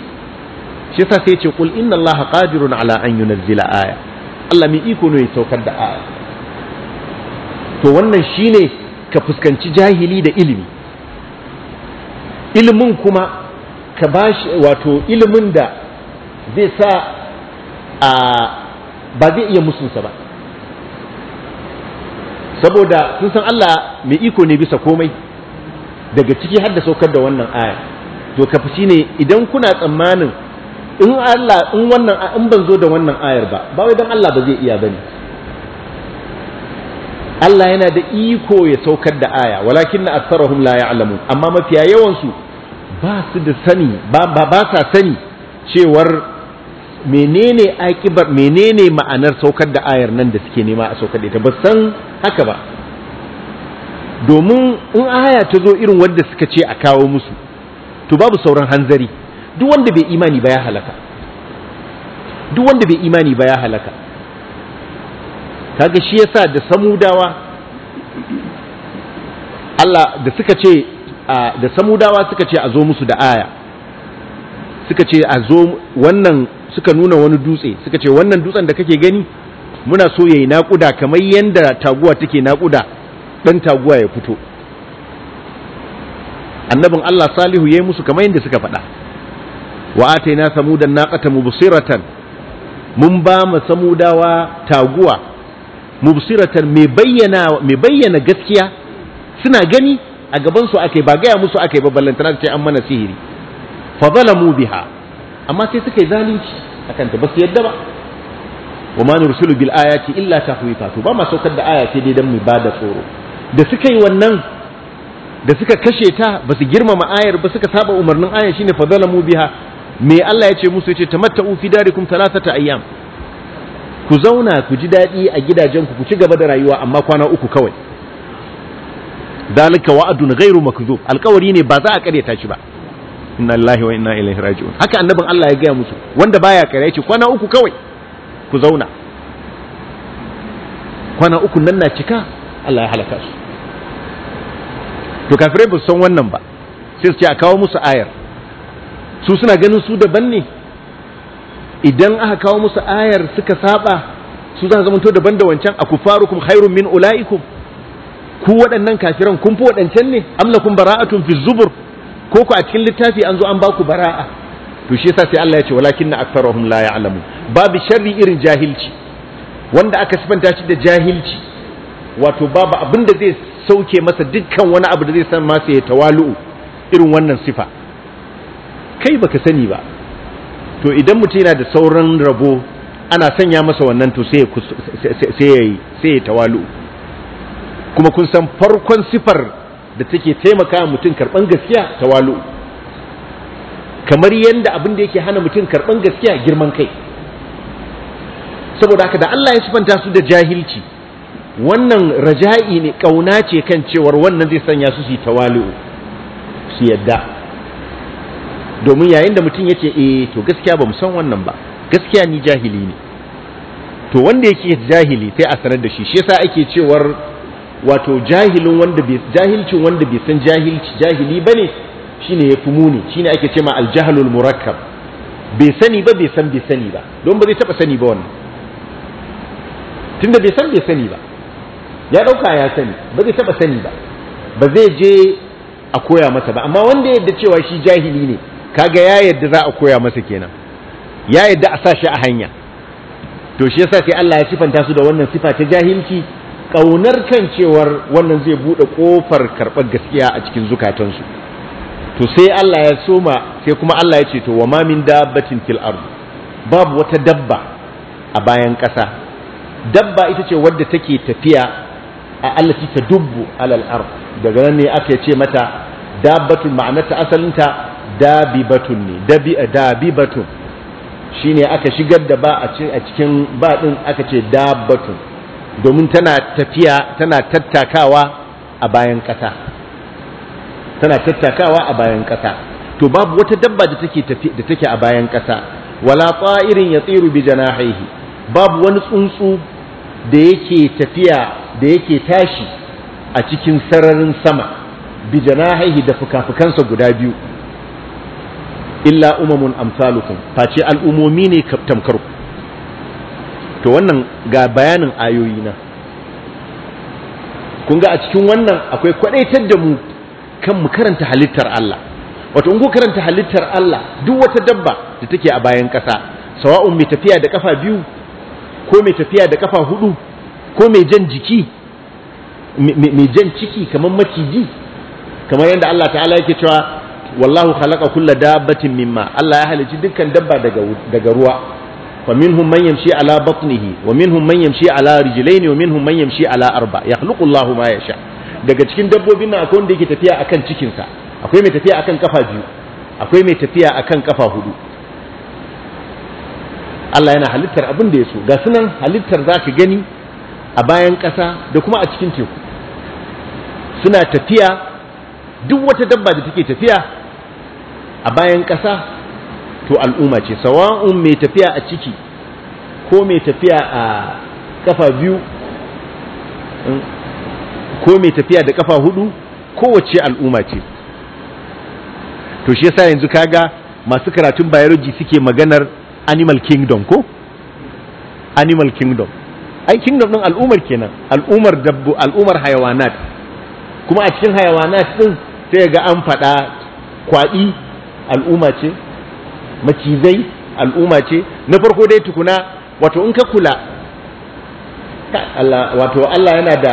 shi yasa sai ce kul inna allaha qadirun ala an yunzila aya Allah mai iko ne ya saukar da aya to wannan shine ka fuskanci jahili da ilimi ilimin kuma ka bashi wato ilimin da zai sa a ba zai iya musunsa ba saboda sun san Allah mai iko ne bisa komai daga ciki har da saukar da wannan aya to ka fi ne idan kuna tsammanin in Allah in wannan in ban zo da wannan ayar ba ba wai dan Allah ba zai iya bane Allah yana da iko ya saukar da aya walakin aktharuhum la ya'lamun amma mafiya yawan su ba su da sani ba ba sa sani cewar menene akibar menene ma'anar saukar da ayar nan da suke nema a saukar da ita ba san haka ba domin in aya ta zo irin wanda suka ce a kawo musu to babu sauran hanzari duk wanda bai imani ba ya halaka duk wanda bai imani ba ya halaka kaga shi yasa da samudawa Allah da suka ce da samudawa suka ce a zo musu da aya suka ce a zo wannan suka nuna wani dutse suka ce wannan dutsen da kake gani muna so yayi nakuda kamar yanda taguwa take nakuda dan taguwa ya fito annabin Allah salihu ya yi musu kamar yadda suka faɗa wa ataina samudan naqata mubsiratan mun ba mu samudawa taguwa mubsiratan mai bayyana mai bayyana gaskiya suna gani a gaban su akai ba gaya musu akai ba ballantana ce an mana sihiri fa zalamu biha amma sai suka yi zalunci akan ta ba su yadda ba wa ma nursilu bil ayati illa tahwifa to ba ma saukar da aya sai dai dan mu bada tsoro da suka yi wannan da suka kashe ta ba su girmama ayar ba suka saba umarnin ayar shine fa zalamu biha me Allah ya ce musu ya ce tamatta'u fi darikum talatata ayyam ku zauna ku ji daɗi a gidajenku ku ci gaba da rayuwa amma kwana uku kawai dalika wa'adun ghairu makdhub alƙawari ne ba za a karyata shi ba inna lillahi wa inna ilaihi raji'un haka annabin Allah ya gaya musu wanda baya kare ce kwana uku kawai ku zauna kwana uku nan na cika Allah ya halaka su to kafirai ba san wannan ba sai su ce a kawo musu ayar su suna ganin su daban ne idan aka kawo musu ayar suka saba su za su zamanto daban da wancan a kufarukum khairun min ula'ikum ku waɗannan kafiran kun fi waɗancan ne amlakum bara'atun fi zubur ko ku a cikin littafi an zo an ba ku bara'a to shi yasa sai Allah ya ce walakin na aktharuhum la ya'lamu babu sharri irin jahilci wanda aka sifanta shi da jahilci wato babu abin da zai sauke masa dukkan wani abu da zai san masa ya tawalu irin wannan sifa kai baka sani ba to idan mutum yana da sauran rabo ana sanya masa wannan to sai ya sai tawalu kuma kun san farkon sifar da take taimaka mutum karban gaskiya tawalu kamar yadda abin da yake hana mutum karban gaskiya girman kai saboda haka da Allah ya sifanta su da jahilci wannan raja'i ne kauna ce kan cewar wannan zai sanya su su yi tawalu su yadda domin yayin da mutum ya ce eh to gaskiya ba san wannan ba gaskiya ni jahili ne to wanda yake jahili sai a sanar da shi shi yasa ake cewar wato jahilin wanda bai jahilcin wanda bai san jahilci jahili bane shine yafi muni shine ake cewa al-jahlul murakkab bai sani ba bai san bai sani ba don ba zai taba sani ba wannan tunda bai san bai sani ba ya dauka ya sani ba zai taba sani ba ba zai je a koya masa ba amma wanda yadda cewa shi jahili ne kaga ya yadda za a koya masa kenan ya yadda a sa shi a hanya to shi yasa sai Allah ya sifanta su da wannan sifa ta jahilci kaunar kan cewar wannan zai bude kofar karɓar gaskiya a cikin zukatansu to sai Allah ya soma sai kuma Allah ya ce to wa ma min dabbatin fil ard babu wata dabba a bayan ƙasa dabba ita ce wadda take tafiya a ta dubbu alal ard daga nan ne aka ce mata dabbatun ma'anarta asalinta dabibatun ne dabi'a shi shine aka shigar da ba a cikin ba aka ce batun, domin tana tafiya tana tattakawa a bayan ƙasa. tana tattakawa a bayan ƙasa, to babu wata dabba da take da take a bayan ƙasa, wala ya tsiru bi janahihi babu wani tsuntsu da yake tafiya da yake tashi a cikin sararin sama bi janahihi da fukafukansa guda biyu illa umamun amsalukum face al'umomi ne tamkar to wannan ga bayanin ayoyi na kun ga a cikin wannan akwai kwadaitar da mu kan mu karanta halittar Allah wato in ku karanta halittar Allah duk wata dabba da take a bayan ƙasa sawa'un mai tafiya da kafa biyu ko mai tafiya da kafa hudu ko mai jan jiki mai jan ciki kamar maciji kamar yadda Allah ta'ala yake cewa wallahu khalaqa kulla dabbatin mimma Allah ya halici dukkan dabba daga daga ruwa wa minhum man yamshi ala batnihi wa minhum man yamshi ala rijlaini wa minhum man yamshi ala arba yakhluqu Allahu ma yasha daga cikin dabbobin nan akwai wanda yake tafiya akan cikin sa akwai mai tafiya akan kafa biyu akwai mai tafiya akan kafa hudu Allah yana halittar abin da ya so ga sunan halittar za ka gani a bayan ƙasa da kuma a cikin teku suna tafiya duk wata dabba da take tafiya a bayan ƙasa to al'umma ce sawa'un mai tafiya a ciki ko mai tafiya a kafa biyu hmm, ko mai tafiya da kafa hudu kowace al'umma ce to shi yasa yanzu kaga masu karatun biology suke maganar animal kingdom ko animal kingdom ai kingdom din al'umar kenan al'umar dabbu al'umar hayawanat kuma a cikin hayawanat din sai ga an faɗa kwaɗi al'umma ce macizai al'umma ce na farko dai tukuna wato in ka kula wato Allah yana da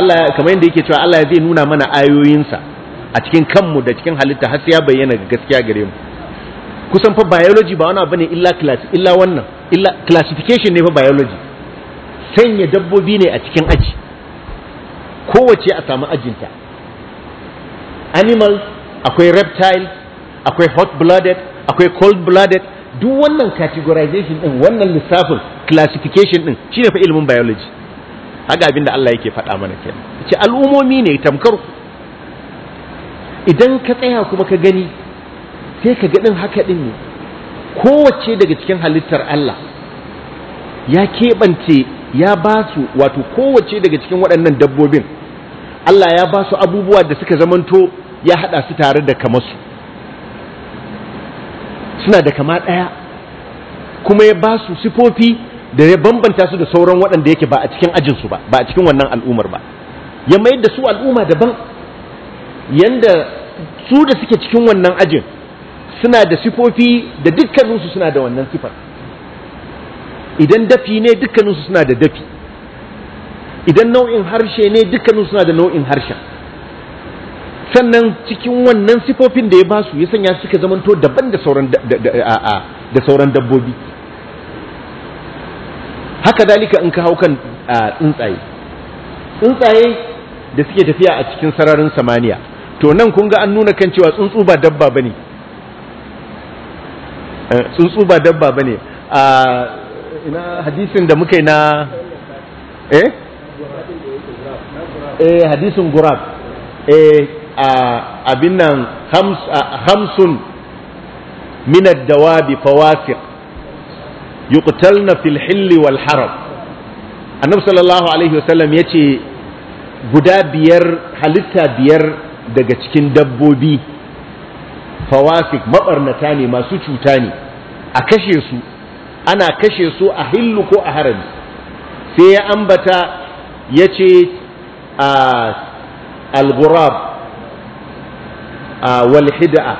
Allah kamar yadda yake cewa Allah zai nuna mana ayoyinsa a cikin kanmu da cikin halitta har sai ya bayyana ga gaskiya gare mu kusan fa biology ba wani abu ne illa class illa wannan illa classification ne fa biology sanya dabbobi ne a cikin aji kowace a samu ajinta animals akwai reptiles akwai hot blooded akwai cold blooded duk wannan categorization din wannan lissafin classification din shine fa ilimin biology haka abinda Allah yake faɗa mana kenan ce al'umomi ne tamkar idan ka tsaya kuma ka gani sai ka ga ɗin haka ɗin ne kowace daga cikin halittar Allah ya keɓance ya ba su wato kowace daga cikin waɗannan dabbobin Allah ya ba su abubuwa da suka zamanto ya haɗa su tare da su. suna da kama ɗaya kuma ya ba su sifofi da ya bambanta su da sauran waɗanda yake ba a cikin ajinsu ba ba a cikin wannan al'ummar ba ya mayar da su al'umma daban yanda su da suke cikin wannan ajin suna da sifofi da dukkaninsu suna da wannan sifar idan dafi ne dukkaninsu suna da dafi idan nau'in harshe ne dukkaninsu suna da nau'in harshen sannan cikin wannan sifofin da ya ba su ya sanya suka zamanto daban da sauran da sauran dabbobi haka dalika in ka hau kan tsuntsaye tsuntsaye da suke tafiya a cikin sararin samaniya to nan kun ga an nuna kan cewa tsuntsu ba dabba bane eh, tsuntsu ba dabba bane a ina hadisin da muka yi na eh eh hadisin gurab eh abin nan hamsun minad dawabi fawasiq yuqtalna fil hilli wal haram annabi sallallahu alaihi wasallam yace guda biyar halitta biyar daga cikin dabbobi fawasik mabarnata ne masu cuta ne a kashe su ana kashe su a hillu ko a harami sai ya ambata ya ce algurab wal hid'a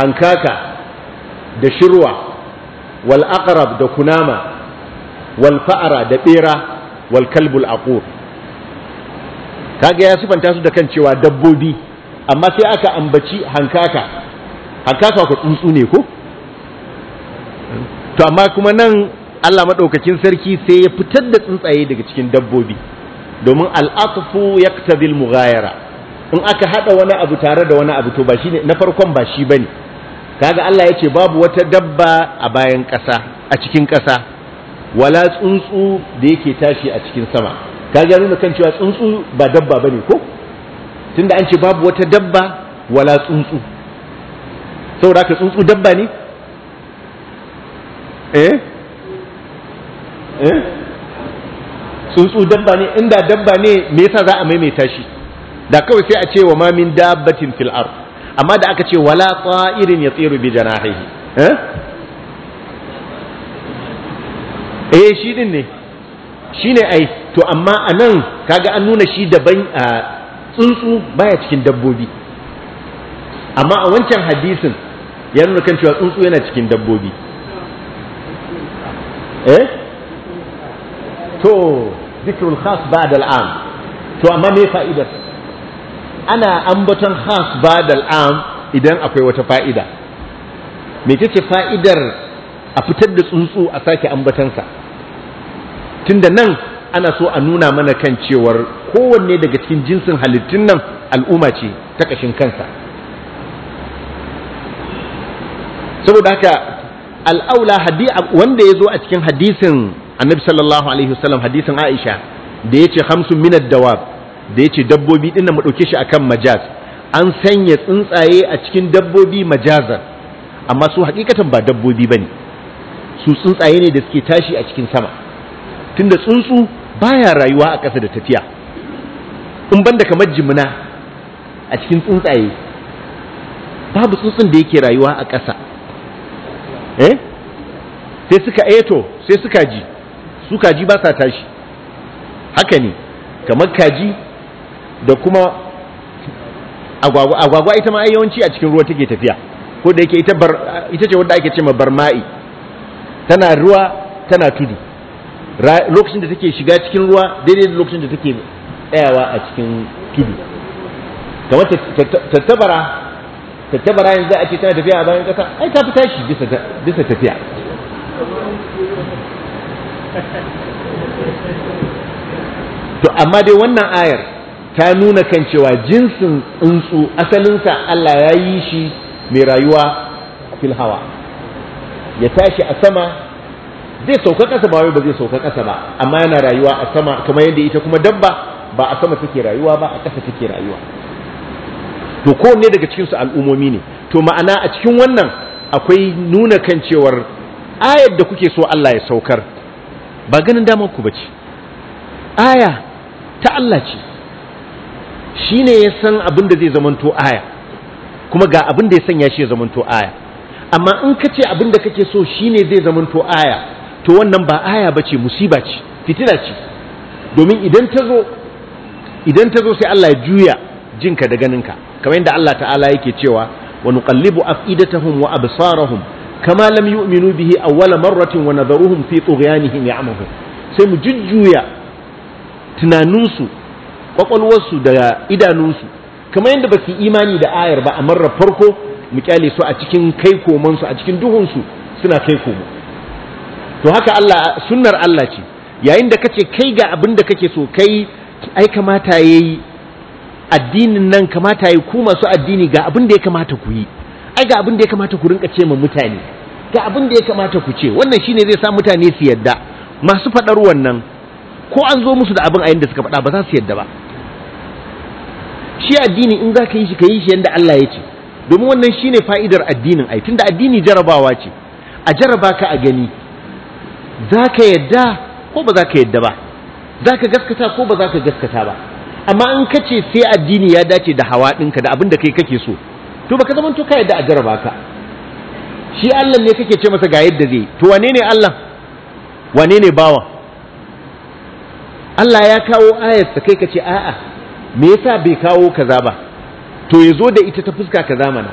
hankaka da shirwa wal aqrab da kunama wal fa'ara da bera wal kalbul aqur kaga ya sifanta su da kan cewa dabbobi amma sai aka ambaci hankaka hankaka ku tsuntsu ne ko to amma kuma nan Allah madaukakin sarki sai ya fitar da tsuntsaye daga cikin dabbobi domin al'atfu yaktabil mughayara in aka hada wani abu tare da wani abu to ba shine na farkon ba shi bane kaga Allah yace babu wata dabba a bayan kasa a cikin kasa wala tsuntsu da yake tashi a cikin sama kaga nuna kan cewa tsuntsu ba dabba bane ko tunda an ce babu wata dabba wala tsuntsu saboda ka tsuntsu dabba ne eh eh tsuntsu dabba ne inda dabba ne me yasa za a maimaita shi da kawai sai a ce wa ma min dabbatin fil amma da aka ce wala ya tsiru bi janahihi eh eh shi din ne shi ne ai to amma a nan kaga an nuna shi daban a tsuntsu baya cikin dabbobi amma a wancan hadisin ya nuna kan cewa tsuntsu yana cikin dabbobi eh to zikrul khas ba'da al'am to amma me fa'idar ana ambaton khas ba da al'am idan akwai wata fa'ida me ce fa'idar a fitar da tsuntsu a sake ambatansa tunda nan ana so a nuna mana kan cewar kowanne daga cikin jinsin halittun nan al'umma ce ta ƙashin kansa saboda haka al'aula wanda ya zo a cikin hadisin annabi sallallahu alaihi wasallam hadisin aisha da ya ce hamsin minad dawab da ya ce dabbobi din nan mu dauke shi akan majaz an sanya tsuntsaye a cikin dabbobi majazan amma su hakikatan ba dabbobi bane su tsuntsaye ne da suke tashi a cikin sama tunda tsuntsu baya rayuwa a ƙasa da tafiya in banda kamar jimina a cikin tsuntsaye babu tsuntsun da yake rayuwa a ƙasa eh sai suka eto eh sai suka ji su kaji ba sa tashi haka ne kamar kaji da kuma agwagwa agwagwa ita ma yawanci a cikin ruwa take tafiya ko da yake ita ce wanda ake ce ma barma'i tana ruwa tana tudu lokacin da take shiga cikin ruwa daidai da lokacin da take tsayawa a cikin tudu kamar tattabara tattabara yanzu a ce tana tafiya a bayan kasa ai ta fi tashi bisa tafiya to amma dai wannan ayar ta nuna kan cewa jinsin tsuntsu asalinsa Allah ya yi shi mai rayuwa fil hawa ya tashi a sama zai sauka ƙasa ba wai ba zai sauka ƙasa ba amma yana rayuwa a sama kamar yadda ita kuma dabba ba a sama take rayuwa ba a ƙasa take rayuwa to kowanne daga cikinsu al'umomi ne to ma'ana a cikin wannan akwai nuna kan cewar ayar da kuke so Allah ya saukar ba ganin damar ku bace aya ta Allah ce shi ne ya san abin da zai zamanto aya kuma ga abin da ya sanya shi ya zamanto aya amma in ka ce abin da kake so shi ne zai zamanto aya to wannan ba aya ba ce musiba ce fitina ce domin idan ta zo idan ta zo sai Allah ya juya jinka da ganinka kamar yadda Allah ta'ala yake cewa wa nuqallibu afidatahum wa absarahum kama lam yu'minu bihi awwala marratin wa nadharuhum fi tughyanihim ya'mahu sai mu jujjuya tunaninsu kwakwalwarsu da idanunsu kamar yadda ba su imani da ayar ba a marar farko mu kyale su a cikin kai komansu a cikin duhunsu suna kai komo to haka Allah sunnar Allah ce yayin da kace kai ga abin da kake so kai ai kamata yayi addinin nan kamata yayi ku masu addini ga abin da ya kamata ku yi ai ga abin da ya kamata ku rinka ce ma mutane ga abin da ya kamata ku ce wannan shine zai sa mutane su yadda masu faɗar wannan ko an zo musu da abin a yanda suka faɗa ba za su yadda ba shi addini in za ka yi shi ka yi shi yadda Allah ya ce domin wannan shi ne fa'idar addinin ai da addini jarabawa ce a jaraba ka a gani za ka yadda ko ba za ka yadda ba za ka gaskata ko ba za ka gaskata ba amma in ka ce sai addini ya dace da hawa ɗinka da abin da kai kake so to ba ka zama to ka yadda a jaraba ka shi Allah ne kake ce masa ga yadda zai to wane ne Allah wane ne bawa Allah ya kawo ayarsa kai ka ce a'a me yasa bai kawo kaza ba to ya zo da ita ta fuska kaza mana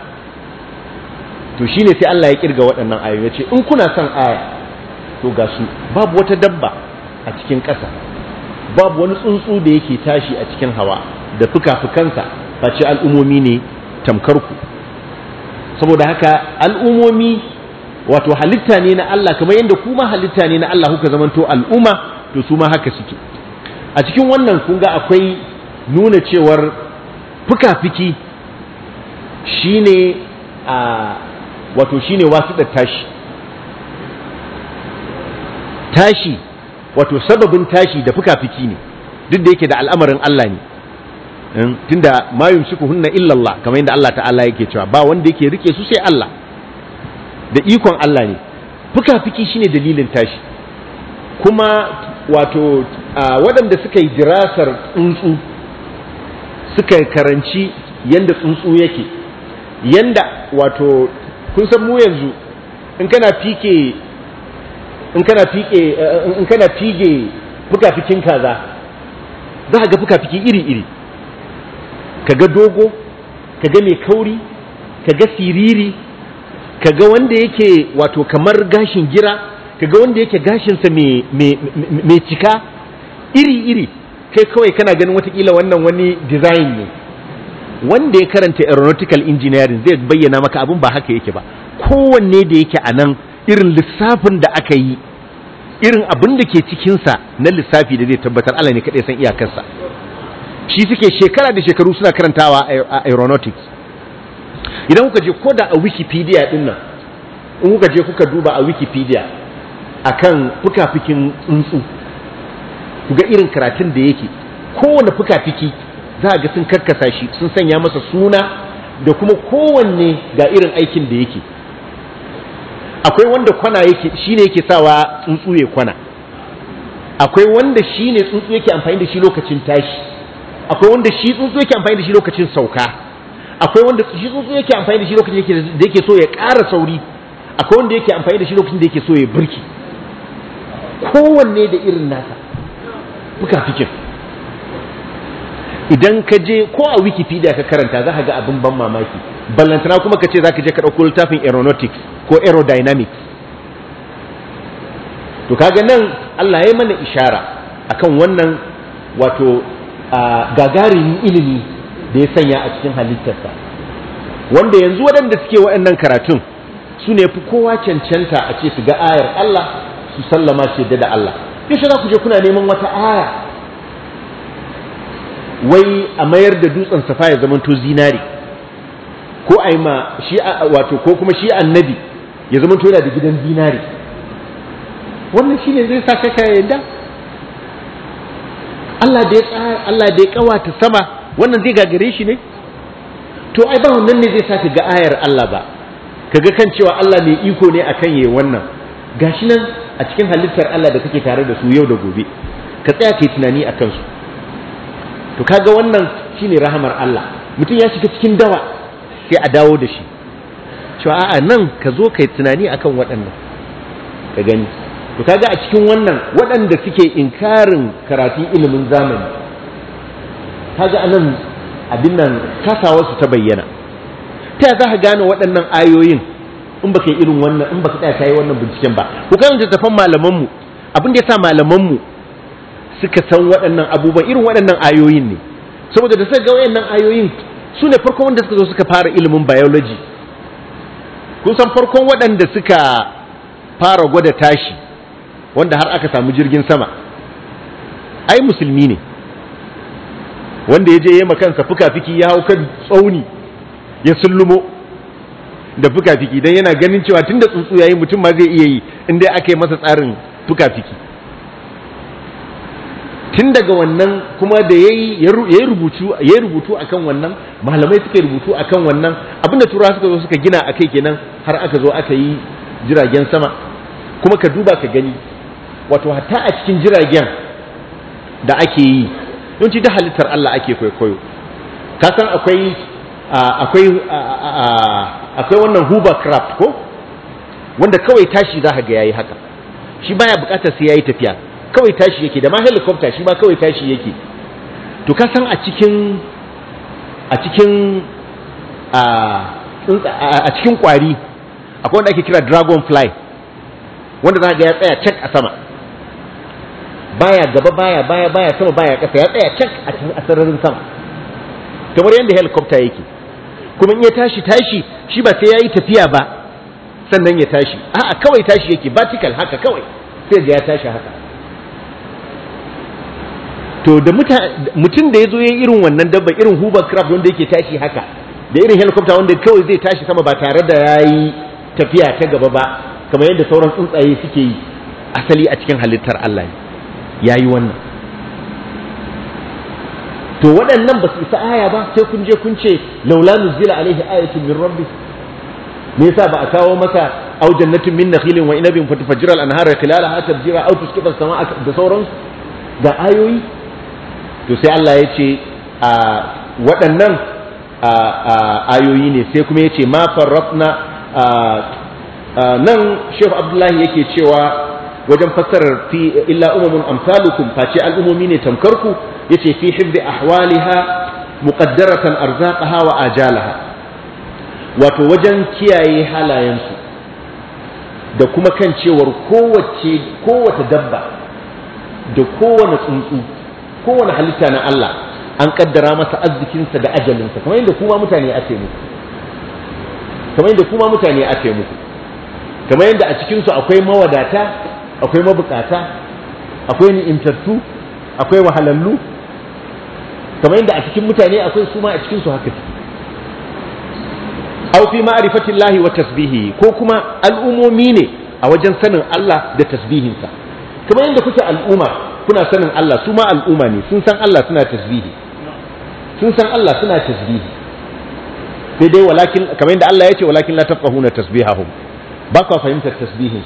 to shine sai Allah ya kirga waɗannan ayoyi ya ce in kuna son aya to ga su babu wata dabba a cikin ƙasa babu wani tsuntsu da yake tashi a cikin hawa da fuka-fukansa face al'umomi ne tamkarku saboda haka al'umomi wato halitta ne na Allah kamar yadda kuma halitta ne na Allah kuka zamanto al'umma to su ma haka suke a cikin wannan kun ga akwai nuna cewar fuka-fiki shine a wato shine da tashi tashi wato sababin tashi da fuka-fiki ne duk da yake da al'amarin Allah ne hmm, tunda ma ku hunna illallah kamar yadda Allah ta'ala yake cewa ba wanda yake rike su sai Allah da ikon Allah ne fuka-fiki shine dalilin tashi kuma wato waɗanda suka yi jirasar tsuntsu suka karanci yanda tsuntsu yake yadda wato kun san mu yanzu in kana fike in kana fike eh, in kana fige fukafikin kaza za ga fukafiki iri-iri ka ga dogo ka ga mai kauri ka ga siriri ka ga wanda yake wato kamar gashin gira ka ga wanda yake gashinsa mai cika iri-iri kai kawai kana ganin watakila wannan wani design ne wanda ya karanta aeronautical engineering zai bayyana maka abin ba haka yake ba kowanne da yake a nan irin lissafin da aka yi irin abin da ke cikinsa na lissafi da zai tabbatar ala ne kaɗai san iyakarsa shi suke shekara da shekaru suna karantawa a aeronautics idan kuka je koda a wikipedia ɗin nan in kuka je kuka duba a wikipedia akan fuka-fukin tsuntsu ku ga irin karatun da yake kowane fuka-fiki za a ga sun karkasa shi sun sanya masa suna da kuma kowanne ga irin aikin da yake akwai wanda kwana yake ne yake sawa tsuntsu ya kwana akwai wanda shi ne tsuntsu yake amfani da shi lokacin tashi akwai wanda shi tsuntsu yake amfani da shi lokacin sauka akwai wanda shi tsuntsu yake amfani da shi lokacin da yake so ya ƙara sauri akwai wanda yake amfani da shi lokacin da yake so ya birki kowanne da irin nasa muka fikin idan ka je ko a wikipedia ka karanta za ka ga abin ban mamaki ballantana kuma ka ce za ka je ka ɗauko littafin aeronautics ko aerodynamics to ka ga nan allah ya mana ishara akan wannan wato gagarin ilimi da ya sanya a cikin halittarsa wanda yanzu waɗanda suke waɗannan karatun su ne fi kowa cancanta a ce su ga ayar allah su sallama su yadda da allah yaushe za ku je kuna neman wata aya wai a mayar da dutsen safa ya zamanto zinari ko a yi ma shi wato ko kuma shi annabi ya zamanto yana da gidan zinari wannan shi ne zai sa ka yadda Allah da ya tsara Allah da ya kawata sama wannan zai gagare shi ne to ai ba wannan ne zai sa ga ayar Allah ba kaga kan cewa Allah mai iko ne akan yayin wannan gashi nan a cikin halittar Allah da kake tare da su yau da gobe ka tsaya kai tunani a kansu to kaga wannan shine rahamar Allah mutum ya shiga cikin dawa sai a dawo da shi cewa a'a nan ka zo kai tunani akan waɗannan ka gani to kaga a cikin wannan waɗanda suke inkarin karatun ilimin zamani kaga anan abin nan kasawarsu ta bayyana ta za ka gane waɗannan ayoyin in baka yi irin wannan in baka tsaya kai wannan binciken ba ku kan tattafan malaman mu abin da yasa malaman mu suka san waɗannan abubuwan irin waɗannan ayoyin ne saboda da suka ga waɗannan ayoyin su ne farkon wanda suka zo suka fara ilimin biology kun san farkon waɗanda suka fara gwada tashi wanda har aka samu jirgin sama ai musulmi ne wanda ya je yi kansa fuka-fiki ya hau kan tsauni ya sullumo da fuka-fiki don yana ganin cewa tun da tsuntsu yayi mutum ma zai iya yi inda aka yi masa tsarin fuka-fiki tun daga wannan kuma da ya yi rubutu a kan wannan malamai suka rubutu a kan wannan abinda turawa suka zo suka gina a kai kenan har aka zo aka yi jiragen sama kuma ka duba ka gani wato hatta a cikin jiragen da ake yi yawanci da halittar Allah ake kwaikwayo ka san akwai akwai akwai wannan hovercraft ko wanda kawai tashi za ka ga yayi haka shi baya bukatar sai yayi tafiya kawai tashi yake da ma helicopter shi ma kawai tashi yake to ka san a cikin a cikin a cikin kwari akwai wanda ake kira Dragonfly wanda za ga ya tsaya cak a sama baya gaba baya baya baya sama baya kasa ya tsaya cak a sararin sama kamar yadda helicopter yake kuma in ya tashi tashi shi ba sai ya yi tafiya ba sannan ya tashi a'a kawai tashi yake vertical haka kawai sai da ya tashi haka to da mutum da ya zo ya irin wannan dabba irin huber craft wanda yake tashi haka da irin helicopter wanda kawai zai tashi sama ba tare da ya yi tafiya ta gaba ba kamar yadda sauran tsuntsaye suke yi asali a cikin halittar Allah ya yi wannan to waɗannan ba su isa aya ba sai kun je kun ce laula nuzila alaihi ayatu min rabbi me yasa ba a kawo maka au jannatin min nakhilin wa inabin fatafajjira al-anhara khilalaha jira au tuskita as-samaa da sauransu ga ayoyi to sai Allah ya ce a waɗannan ayoyi ne sai kuma ya ce ma farrafna nan Sheikh Abdullahi yake cewa wajen fassarar fi illa umumun amsalukum face al'umumi ne tamkarku yace fi hibbi ahwaliha muqaddaratan arzaqaha wa ajalaha wato wajen kiyaye halayensu da kuma kan cewar kowace kowace dabba da kowane tsuntsu kowane halitta na Allah an kaddara masa arzikinsa da ajalinsa kamar yadda kuma mutane ake muku kamar yadda kuma mutane ake muku kamar yadda a cikinsu akwai mawadata akwai mabukata akwai ni'imtattu akwai wahalallu kamar yadda a cikin mutane akwai su a cikin haka au fi ma'rifatillahi wa tasbihi ko kuma al'umomi ne a wajen sanin Allah da tasbihinsa kamar yadda kuke al'umma kuna sanin Allah su al'umma ne sun san Allah suna tasbihi sun san Allah suna tasbihi sai dai walakin kamar yadda Allah ya ce walakin la tafqahuna tasbihahum ba fahimtar tasbihin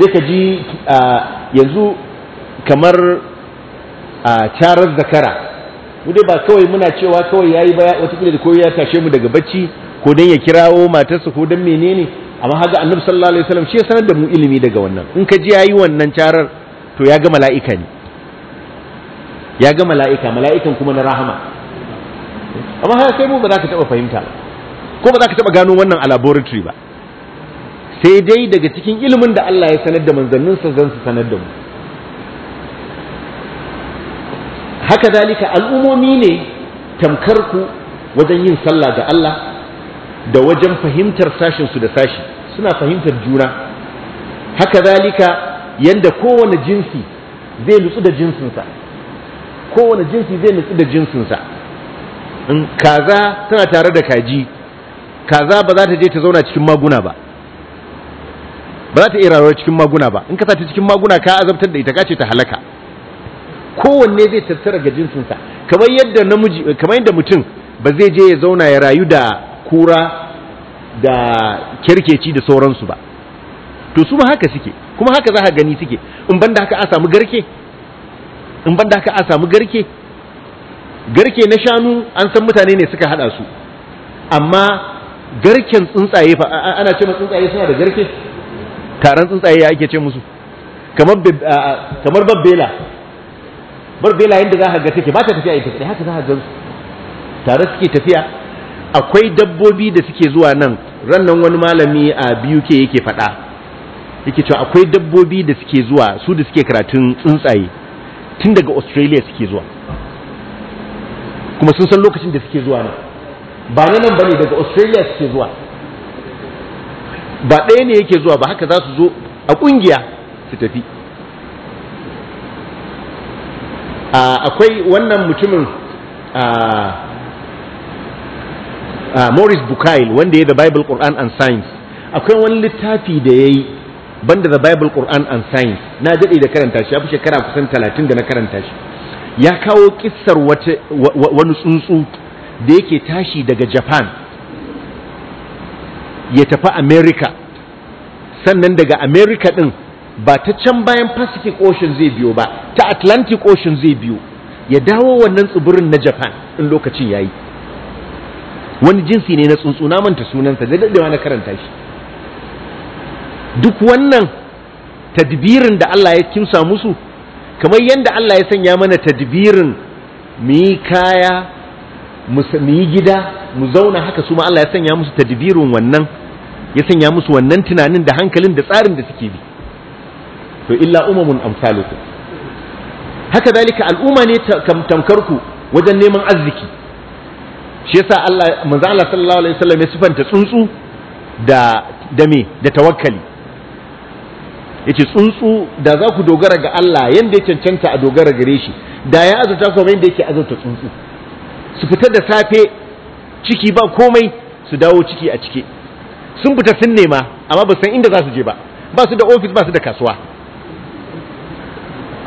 sai ka ji yanzu kamar a carar zakara mu dai ba kawai muna cewa kawai yayi ba wata da koyi ya tashe mu daga bacci ko dan ya kirawo matarsa ko dan menene amma haka annabi sallallahu alaihi wasallam shi ya sanar da mu ilimi daga wannan in ka ji yayi wannan carar to ya ga mala'ika ne ya ga mala'ika mala'ikan kuma na rahama amma haka sai mu ba za ka taba fahimta ko ba za ka taba gano wannan a laboratory ba sai dai daga cikin ilimin da Allah ya sanar da manzanninsa zan su sanar da mu haka zalika al'umomi ne tamkar ku wajen yin sallah ga Allah da wajen fahimtar sashinsu da sashi suna fahimtar juna haka dalika yanda kowane jinsi zai nutsu da jinsinsa kowane jinsi zai nutsu da jinsinsa in kaza tana tare da kaji kaza ba za ta je ta zauna cikin maguna ba ba za ta iya rayuwa cikin maguna ba in ka sa ta cikin maguna ka azabtar da ita ka ce ta halaka kowanne zai tattara ga jinsinsa kamar yadda namiji kamar yadda mutum ba zai je ya zauna ya rayu da kura da kerkeci da sauransu ba to su ma haka suke kuma haka za ka gani suke in banda haka a samu garke in banda haka a samu garke garke na shanu an san mutane ne suka hada su amma garken tsuntsaye fa ana ce tsuntsaye suna da garke taron tsuntsaye ya ake ce musu kamar babbela bar bela yadda za ka ga take ba ta tafiya ita kadai haka za ka ga tare suke tafiya akwai dabbobi da suke zuwa nan rannan wani malami a biyu ke yake faɗa yake cewa akwai dabbobi da suke zuwa su da suke karatun tsuntsaye tun daga australia suke zuwa kuma sun san lokacin da suke zuwa nan ba na nan bane daga australia suke zuwa ba ɗaya ne yake zuwa ba haka za su zo a ƙungiya su tafi akwai wannan mutumin Morris Bukail wanda ya da Bible Quran and Science akwai wani littafi da ya yi banda da Bible Quran and Science na daɗe da karanta shi ya fi shekara kusan talatin da na karanta shi ya kawo kissar wani tsuntsu da yake tashi daga Japan ya tafi America sannan daga America ɗin ba ta can bayan pacific ocean zai biyo ba ta atlantic ocean zai biyo ya dawo wannan tsibirin na japan in lokacin yayi wani jinsi ne na tsuntsu na manta sunansa da daɗewa na karanta shi duk wannan tadbirin da Allah ya kimsa musu kamar yadda Allah ya sanya mana tadbirin mu yi kaya mu yi gida mu zauna haka su ma Allah ya sanya musu tadbirin wannan ya sanya musu wannan tunanin da hankalin da tsarin da suke bi to illa umamun amsaluku haka zalika al'umma ne tamkarku wajen neman arziki shi yasa Allah manzo Allah sallallahu alaihi wasallam ya sifanta tsuntsu da da me da tawakkali yace tsuntsu da za ku dogara ga Allah yanda ya cancanta a dogara gare shi da ya azurta kuma yanda yake azurta tsuntsu su fita da safe ciki ba komai su dawo ciki a cike sun fita sun nema amma ba san inda za su je ba ba su da ofis ba su da kasuwa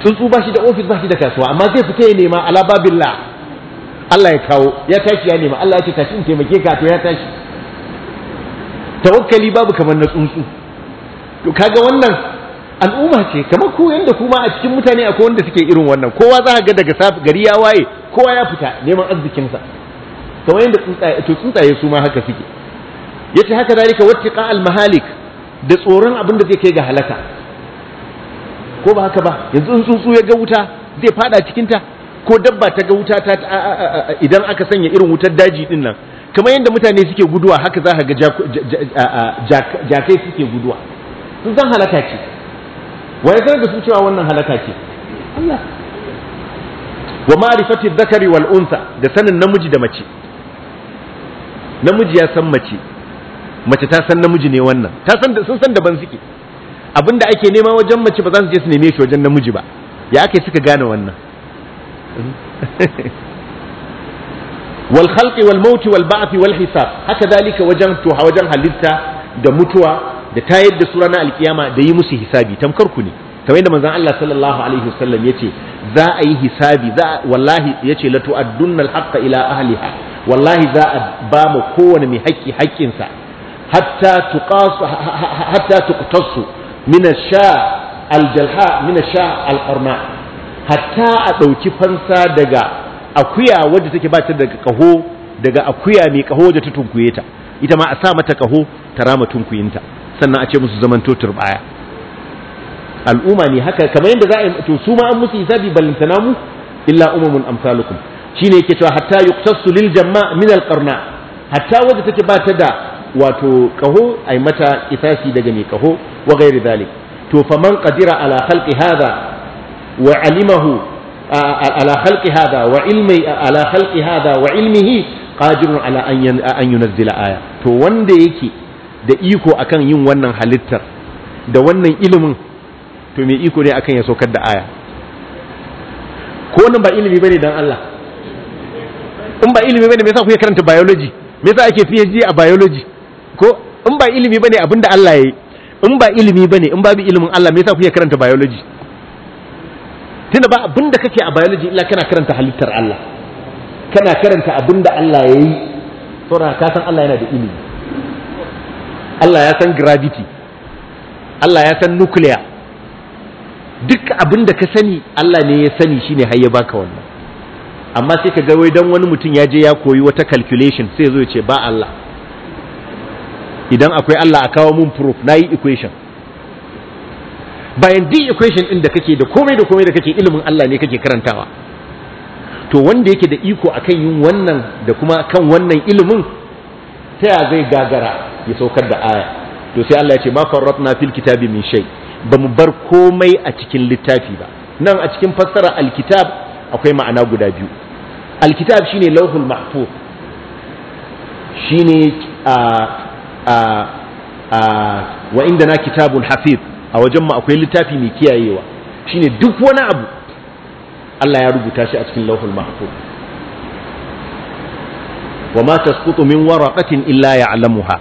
tsuntsu ba shi da ofis ba shi da kasuwa amma zai fita ya nema ala babillah Allah ya kawo ya tashi ya nema Allah ya ce tashi in taimake ka to ya tashi tawakkali babu kamar na tsuntsu to kaga wannan al'umma ce kamar ku yanda kuma a cikin mutane akwai wanda suke irin wannan kowa za ga daga safi gari ya waye kowa ya fita neman sa kamar yanda tsuntsaye to tsuntsaye su ma haka suke yace haka dalika wattiqa al mahalik da tsoron abin da zai kai ga halaka ko ba haka ba yanzu in tsuntsu ya ga wuta zai fada cikinta ko dabba ta ga wuta ta idan aka sanya irin wutar daji din nan kamar yadda mutane suke guduwa haka za ka ga jakai suke guduwa sun san halaka ce wa ya sanar da su cewa wannan halaka ce Allah wa ma'rifati dhakari wal unsa da sanin namiji da mace namiji ya san mace mace ta san namiji ne wannan ta san sun san daban suke abinda ake nema wajen mace ba za su je su neme shi wajen namiji ba ya ake suka gane wannan wal khalqi wal mauti wal ba'thi wal hisab haka dalika wajen to wajen halitta da mutuwa da tayar da su alkiyama da yi musu hisabi tamkar ku ne kamar yadda manzon Allah sallallahu alaihi wasallam yace za a yi hisabi za wallahi yace la tu'addunna al-haqqa ila ahliha wallahi za a ba mu kowane mai haƙƙi haƙƙinsa hatta tuqasu hatta tuqtasu Mina sha aljalha min sha alqarna hatta a ɗauki fansa daga akuya wadda take bata daga kaho daga akuya mai kaho da ta tunkuye ita ma a sa mata kaho ta rama tunkuyinta sannan a ce musu zamanto baya. al'umma ne haka kamar yadda za a to su ma an musu hisabi ballantana mu illa umamun amsalukum shine ke cewa hatta yuktasu lil jamma min alqarna hatta wadda take bata da wato kaho ai mata kisasi daga mai kaho wa ghairi zalik to faman qadira ala khalqi hadha wa alimahu ala khalqi hadha wa ilmi ala khalqi hadha wa ilmihi qadirun ala an yunazzila aya to wanda yake da iko akan yin wannan halittar da wannan ilimin to mai iko ne akan ya saukar da aya ko nan ba ilimi bane dan Allah in ba ilimi bane me yasa ku kuke karanta biology me yasa ake PhD a biology ko in ba ilimi bane abinda Allah ya yi in ba ilimi bane in babu ilimin Allah me yasa kuke karanta biology tunda ba abinda kake a biology illa kana karanta halittar Allah kana karanta abinda Allah ya yi saboda ka san Allah yana da ilimi Allah ya san gravity Allah ya san nuclear duk abinda ka sani Allah ne ya sani shine har ya baka wannan amma sai ka ga wai dan wani mutum ya je ya koyi wata calculation sai ya zo ya ce ba Allah idan akwai Allah a kawo mun proof na yi equation bayan duk equation ɗin da kake da komai da komai da kake ilimin Allah ne kake karantawa to wanda yake da iko akan yin wannan da kuma kan wannan ilimin ta ya zai gagara ya saukar da aya to sai Allah ya ce ma na fil kitabi min shai ba mu bar komai a cikin littafi ba nan a cikin fassara alkitab akwai ma'ana guda biyu alkitab shine lauhul mahfuz shine a ah, wa inda na kitabun hafiz a wajen mu akwai littafi mai kiyayewa shine duk wani abu Allah ya rubuta shi a cikin lauhul mahfuz wa ma tasqutu min waraqatin illa ya'lamuha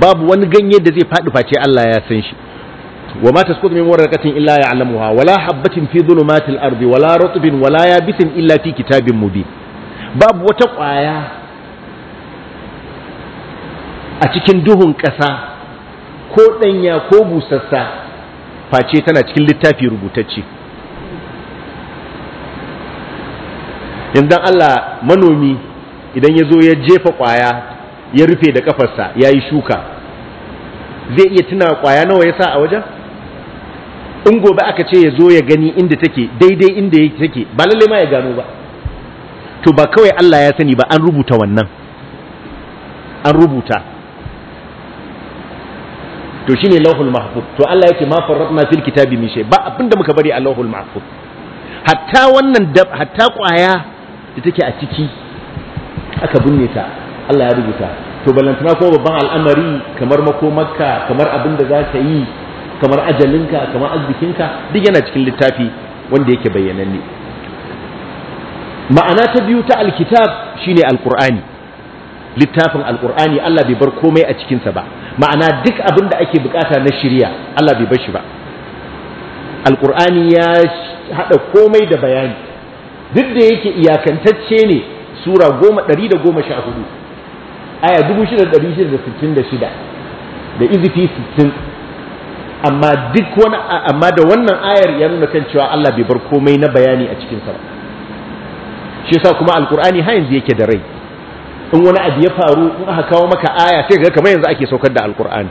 babu wani ganye da zai fadi face Allah ya san shi wa ma tasqutu min waraqatin illa ya'lamuha wala habatin fi dhulumatil ardi wala rutbin wala yabisin illa fi kitabin mubin babu wata kwaya a cikin duhun ƙasa ko ɗanya ko busassa face tana cikin littafi rubutacce yanzu Allah manomi idan ya zo ya jefa ƙwaya ya rufe da ƙafarsa ya yi shuka zai iya tuna ƙwaya nawa ya sa a wajen? in gobe aka ce ya zo ya gani inda take daidai inda take ba lallai ma ya gano ba to ba kawai Allah ya sani ba an rubuta wannan an rubuta to shine lauhul mahfuz to Allah yake ma farratna fil kitabi min shay ba abinda muka bari a lauhul mahfuz hatta wannan hatta kwaya da take a ciki aka binne ta Allah ya rubuta to balantana ko babban al'amari kamar makomarka kamar abinda za ka yi kamar ajalinka kamar arzikinka duk yana cikin littafi wanda yake bayyananne ma'ana ta biyu ta alkitab shine alqur'ani littafin alkur'ani Allah bai bar komai a cikinsa ba ma'ana duk abin da ake bukata na shirya Allah bai bar shi ba alkur'ani ya hada komai da bayani duk da yake iyakantacce ne sura goma da aya dubu da sittin da izifi sittin amma duk wani amma da wannan ayar ya nuna kan cewa Allah bai bar komai na bayani a cikinsa ba shi yasa kuma alkur'ani har yanzu yake da rai in wani abu ya faru in aka kawo maka aya sai ga kamar yanzu ake saukar da alkur'ani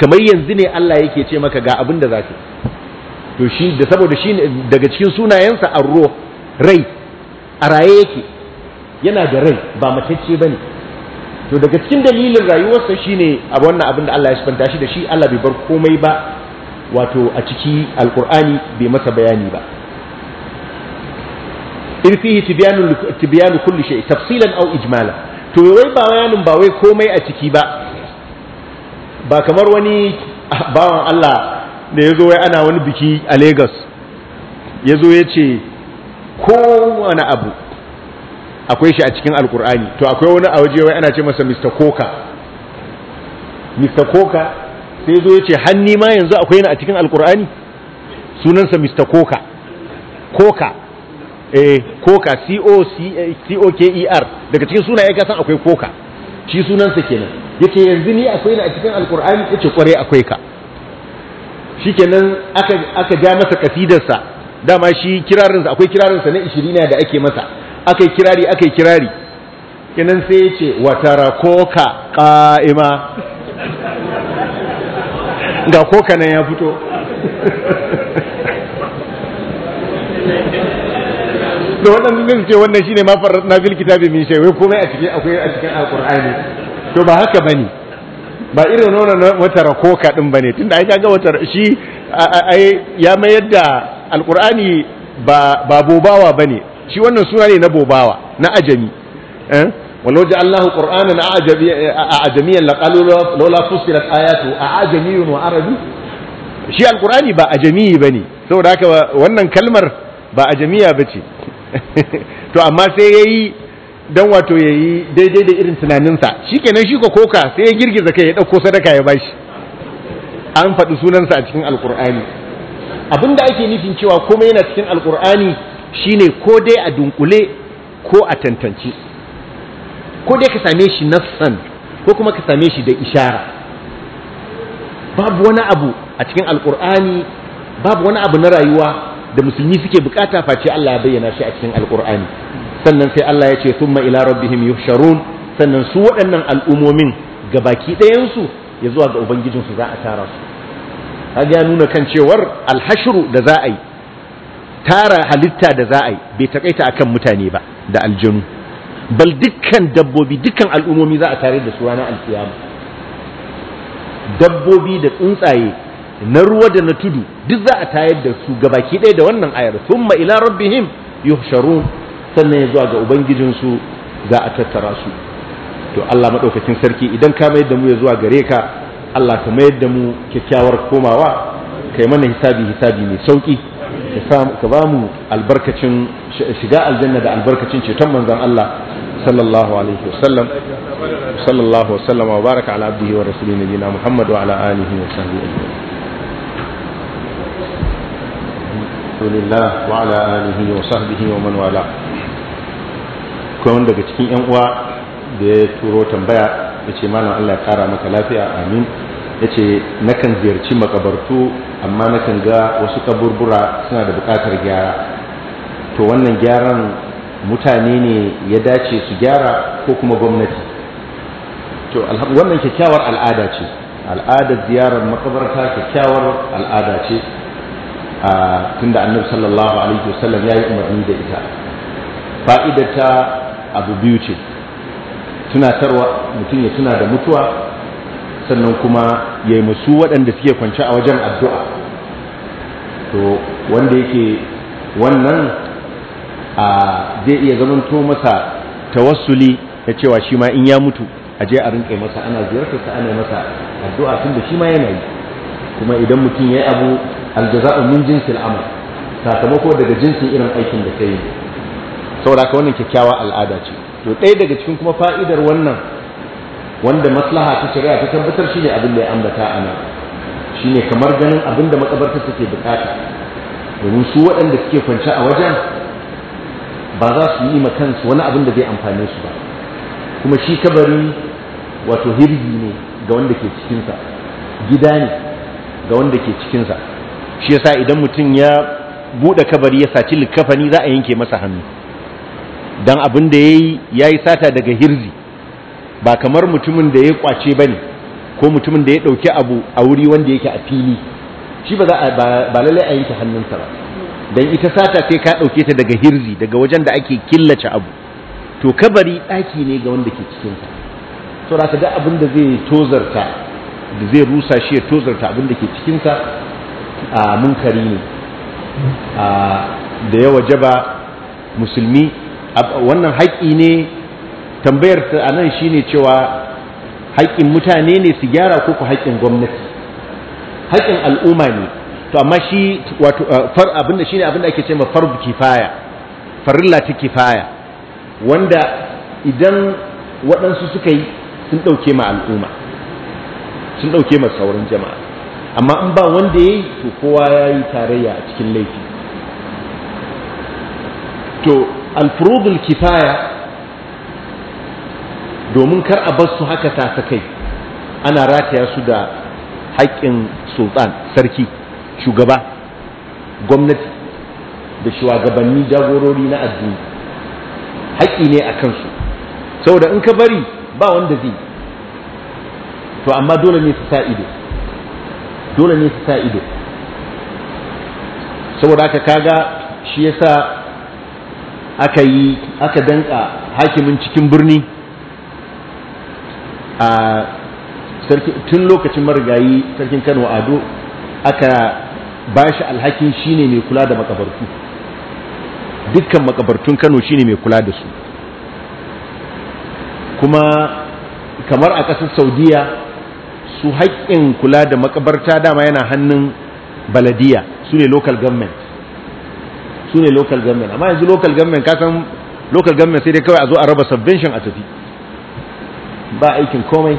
kamar yanzu ne Allah yake ce maka ga abin da zaka to shi da saboda shi daga cikin sunayensa arro rai a raye yake yana da rai ba matacce bane to daga cikin dalilin rayuwarsa shine a wannan abin da Allah ya shi da shi Allah bai bar komai ba wato a ciki alkur'ani bai masa bayani ba in fihi tibyanu tibyanu kulli shay tafsilan aw ijmala to wai ba bayanin ba wai komai a ciki ba ba kamar wani bawan Allah da yazo wai ana wani biki a Lagos yazo yace wani abu akwai shi a cikin alkur'ani to akwai wani a waje wai ana ce masa Mr. Koka Mr. Koka sai zo ya ce hanni ma yanzu akwai ni a cikin alkur'ani sunansa Mr. Koka Koka eh koka c-o-k-e-r eh, daga cikin ya ya san akwai koka shi sunansa kenan yake yanzu ni akwai na a cikin alkur'ani ce kware akwai ka Shi kenan aka ja masa kasidarsa dama shi kirarinsa akwai kirarinsa na ishirina da ake masa yi kirari yi kirari kenan sai yace watara koka ka'ima ga koka nan ya fito ce waɗannan su ce wannan shine ma farratna fil kitabi min shay wai komai a cikin akwai a cikin alqur'ani to ba haka bane ba irin na wata rakoka din bane tunda ai kaga wata shi ai ya mayar da alqur'ani ba ba bobawa bane shi wannan suna ne na bobawa na ajami eh ولو جعلناه قرآنا أعجميا لقالوا لولا فصلت آياته أعجمي وعربي shi alkur'ani ba ajami ba ne saboda haka wannan kalmar ba ajamiya ba ce to amma sai ya yi don wato ya yi daidai da irin tunaninsa shi kenan shi ko koka sai ya girgiza kai ya ɗauko sadaka ya bashi an faɗi sunansa a cikin alkur'ani abin da ake nufin cewa kuma yana cikin alkur'ani shine ko dai a dunkule ko a tantance ko dai ka same shi nassan ko kuma ka same shi da ishara babu wani abu a cikin alkur'ani babu wani abu na rayuwa da musulmi suke bukata face Allah ya bayyana shi a cikin alkur'ani sannan sai Allah ya ce thumma ila rabbihim yuhsharun sannan su waɗannan al'umomin gabaki ɗayansu ya zuwa ga ubangijin su za a tara su har ya nuna kan cewar alhashru da za a yi tara halitta da za a yi bai takaita akan mutane ba da aljanu bal dukkan dabbobi dukkan al'umomi za a tare da su ranar alkiyama dabbobi da tsuntsaye na ruwa da na tudu duk za a tayar da su gabaki ɗaya da wannan ayar sun ila rabbihim sharu sannan ya zuwa ga ubangijinsu za a tattara su to Allah maɗaukacin sarki idan ka mayar da mu ya zuwa gare ka Allah ka mayar da mu kyakkyawar komawa kai mana hisabi hisabi mai sauƙi, ka ba mu albarkacin shiga aljanna da albarkacin ceton manzon Allah sallallahu alaihi wasallam sallallahu wasallam wa baraka ala abdihi wa rasulina nabiyina Muhammad wa ala wa sahbihi رسول الله وعلى آله وصحبه ومن والاه كون daga cikin yan uwa da ya turo tambaya yace malam Allah ya kara maka lafiya amin yace nakan ziyarci makabartu amma nakan ga wasu kaburbura suna da bukatar gyara to wannan gyaran mutane ne ya dace su gyara ko kuma gwamnati to wannan kyakkyawar al'ada ce al'adar ziyarar makabarta kyakkyawar al'ada ce tunda annabi sallallahu alaihi wasallam ya yi umarni da ita fa'idar ta abu biyu ce tunatarwa mutum ya tuna da mutuwa sannan kuma ya musu waɗanda suke kwance a wajen addu'a to wanda yake wannan zai iya zamanto masa tawassuli ya cewa shi ma in ya mutu a je a rinƙe masa ana ziyartarsa ana masa addu'a tun da shi ma yana yi kuma idan mutum ya yi abu aljaza'u min jinsil amal sakamako daga jinsin irin aikin da kai saboda ka wannan kyakkyawa al'ada ce to ɗaya daga cikin kuma fa'idar wannan wanda maslaha ta shari'a ta tabbatar shine abin da ya ambata a nan shine kamar ganin abin da makabarta take bukata domin su waɗanda suke kwance a wajen ba za su yi ma kansu wani abin da zai amfane su ba kuma shi kabari wato hirgi ne ga wanda ke cikinsa gida ne ga wanda ke cikinsa shi yasa idan mutum ya buɗe kabari ya saci likafani za a yanke masa hannu dan abin da yayi yayi sata daga hirzi ba kamar mutumin da ya kwace bane ko mutumin da ya dauki abu a wuri wanda yake a fili shi ba za ba lalle a yanke hannunsa ba dan ita sata sai ka dauke ta daga hirzi daga wajen da ake killace abu to kabari ɗaki ne ga wanda ke cikin sa to da abin da zai tozarta da zai rusa shi ya tozarta abin da ke cikinsa. a munkari ne da ya ba musulmi wannan haƙƙi ne tambayar a nan ne cewa haƙƙin mutane ne su gyara ko haƙƙin gwamnati haƙƙin al'umma ne to amma shi wato ah, far abinda ne abinda ake cewa farb kifaya farilla ta kifaya wanda idan waɗansu suka yi sun ɗauke ma al'umma sun ɗauke ma sauran jama'a amma in ba wanda ya yi to kowa ya yi tarayya a cikin laifi to alfurudul kifaya domin kar a bar su haka ta kai ana rataya su da haƙƙin sultan sarki shugaba gwamnati da shugabanni jagorori na addini haƙƙi ne a kansu saboda in ka bari ba wanda zai to amma dole ne su sa ido dole ne su sa ido saboda haka kaga shi yasa aka yi aka danka hakimin cikin birni a tun lokacin marigayi sarkin Kano Ado aka bashi alhakin shine mai kula da makabartu dukkan makabartun Kano shine mai kula da su kuma kamar a ƙasar Saudiya su haƙƙin kula da makabarta dama yana hannun baladiya su ne local government su ne local government amma yanzu local government kasan local government sai dai kawai a zo a raba subvention a tafi ba aikin komai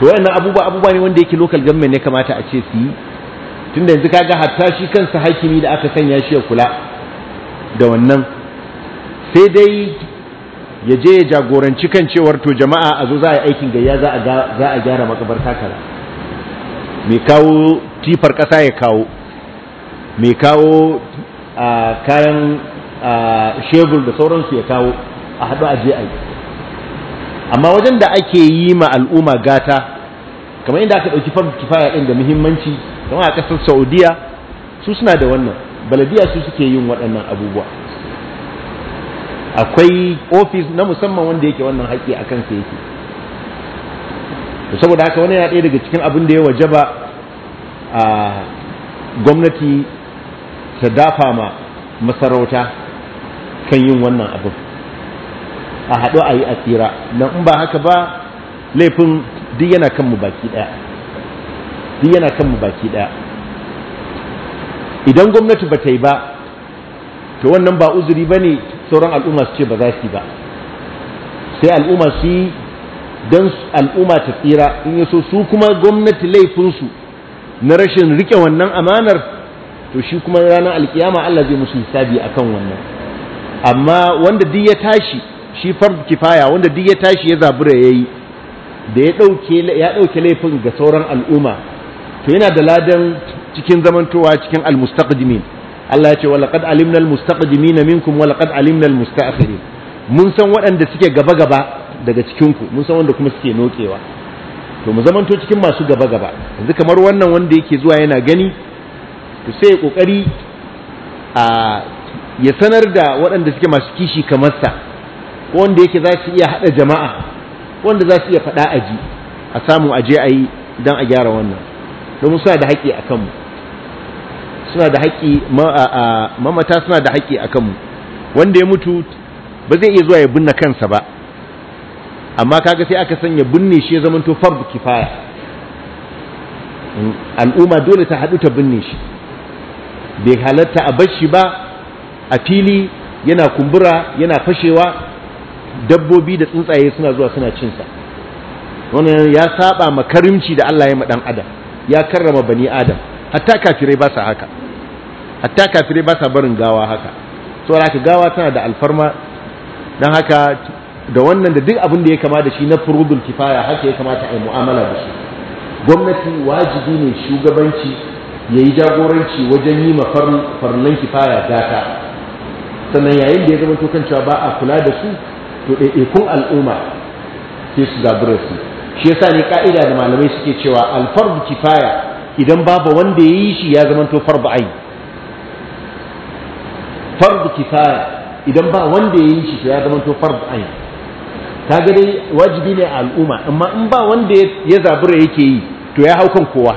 to wayannan abubuwa abubuwa ne wanda yake local government ne kamata a ce su yi tunda yanzu kaga hatta shi kansa hakimi da aka sanya shi ya kula da wannan sai dai ya je ya jagoranci kan cewar to jama'a a zo za a yi aikin gayya za a gyara makabarta kaza mai kawo tifar ƙasa ya kawo mai kawo kayan shebul da sauransu ya kawo a haɗu a je a yi amma wajen da ake yi ma al'umma gata kamar inda aka ɗauki farko kifaya ɗin da muhimmanci kamar a ƙasar saudiya su suna da wannan baladiya su suke yin waɗannan abubuwa akwai ofis na musamman wanda yake wannan haƙƙi a kansa yake saboda haka wani yana ɗaya daga cikin abin da ya waje ba a gwamnati ta dafa ma masarauta kan yin wannan abin a haɗu a yi asira na in ba haka ba laifin duk yana kan mu baki ɗaya duk yana kan mu baki ɗaya idan gwamnati ba ta yi ba to wannan ba uzuri ba ne sauran al'umma su ce ba za su yi ba sai al'umma su yi don al'umma ta tsira in yaso su kuma gwamnati laifinsu na rashin rike wannan amanar to shi kuma ranar alkiyama Allah zai musu hisabi akan wannan amma wanda duk ya tashi shi farb kifaya wanda duk ya tashi ya zabura ya yi, da ya ɗauke laifin ga sauran al'umma to yana da ladan cikin zamantowa cikin almustaqdimin Allah ya ce walaqad alimna almustaqdimin minkum walaqad alimna almustaakhirin mun san waɗanda suke gaba gaba daga cikin ku mun san wanda kuma suke nokewa to mu zamanto cikin masu gaba gaba yanzu kamar wannan wanda yake zuwa yana gani to sai kokari a ya sanar da waɗanda suke masu kishi kamar sa ko wanda yake za su iya hada jama'a wanda za su iya faɗa aji a samu aje a yi don a gyara wannan mu sa da haƙƙi a kanmu suna da haƙƙi mamata suna da haƙƙi a kanmu wanda ya mutu ba zai iya zuwa ya binne kansa ba amma kaga sai aka sanya binne shi ya zamanto farb kifaya al'umma dole ta haɗu ta binne shi bai halatta a bar ba a fili yana kumbura yana fashewa dabbobi da tsuntsaye suna zuwa suna cinsa wannan ya saba ma karimci da Allah ya ma dan adam ya karrama bani adam hatta kafirai ba sa haka hatta kafirai ba sa barin gawa haka saboda haka gawa tana da alfarma dan haka da wannan da duk abin da ya kama da shi na furudul kifaya haka ya kamata a yi mu'amala da shi gwamnati wajibi ne shugabanci ya yi jagoranci wajen yi ma farnan kifaya gata sannan yayin da ya zama kan cewa ba a kula da su to ɗaiɗaikun al'umma sai su gabura su shi yasa ne ka'ida da malamai suke cewa alfarbu kifaya idan babu wanda ya yi shi ya zama to farbu ai farbu kifaya idan ba wanda ya yi shi ya zama to farbu ai ta ga dai wajibi ne a al'umma amma in ba wanda ya zabura yake yi to ya hau kan kowa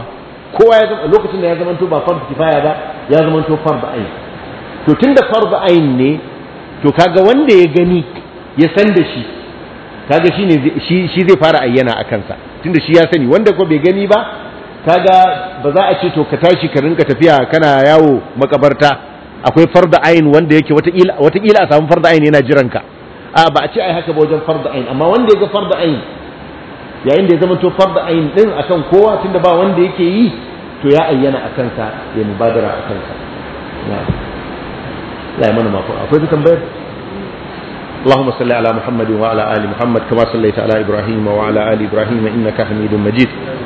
kowa ya zama lokacin da ya zama to ba farbu kifaya ba ya zama to farbu ai to tunda farbu ai ne to kaga wanda ya gani ya san da shi kaga shi ne shi zai fara ayyana a kansa tunda shi ya sani wanda ko bai gani ba kaga ba za a ce to ka tashi ka rinka tafiya kana yawo makabarta akwai farda ayin wanda yake watakila a samu farda ayin yana jiranka a ba a ce ai haka ba wajen farda ayin amma wanda ya ga farda ayin yayin da ya zama to farda ayin din akan kowa tunda ba wanda yake yi to ya ayyana a kansa ya mubadara a kansa la ya mana mafi akwai ta tambayar اللهم صل على محمد وعلى ال محمد كما صليت على ابراهيم وعلى ال ابراهيم انك حميد مجيد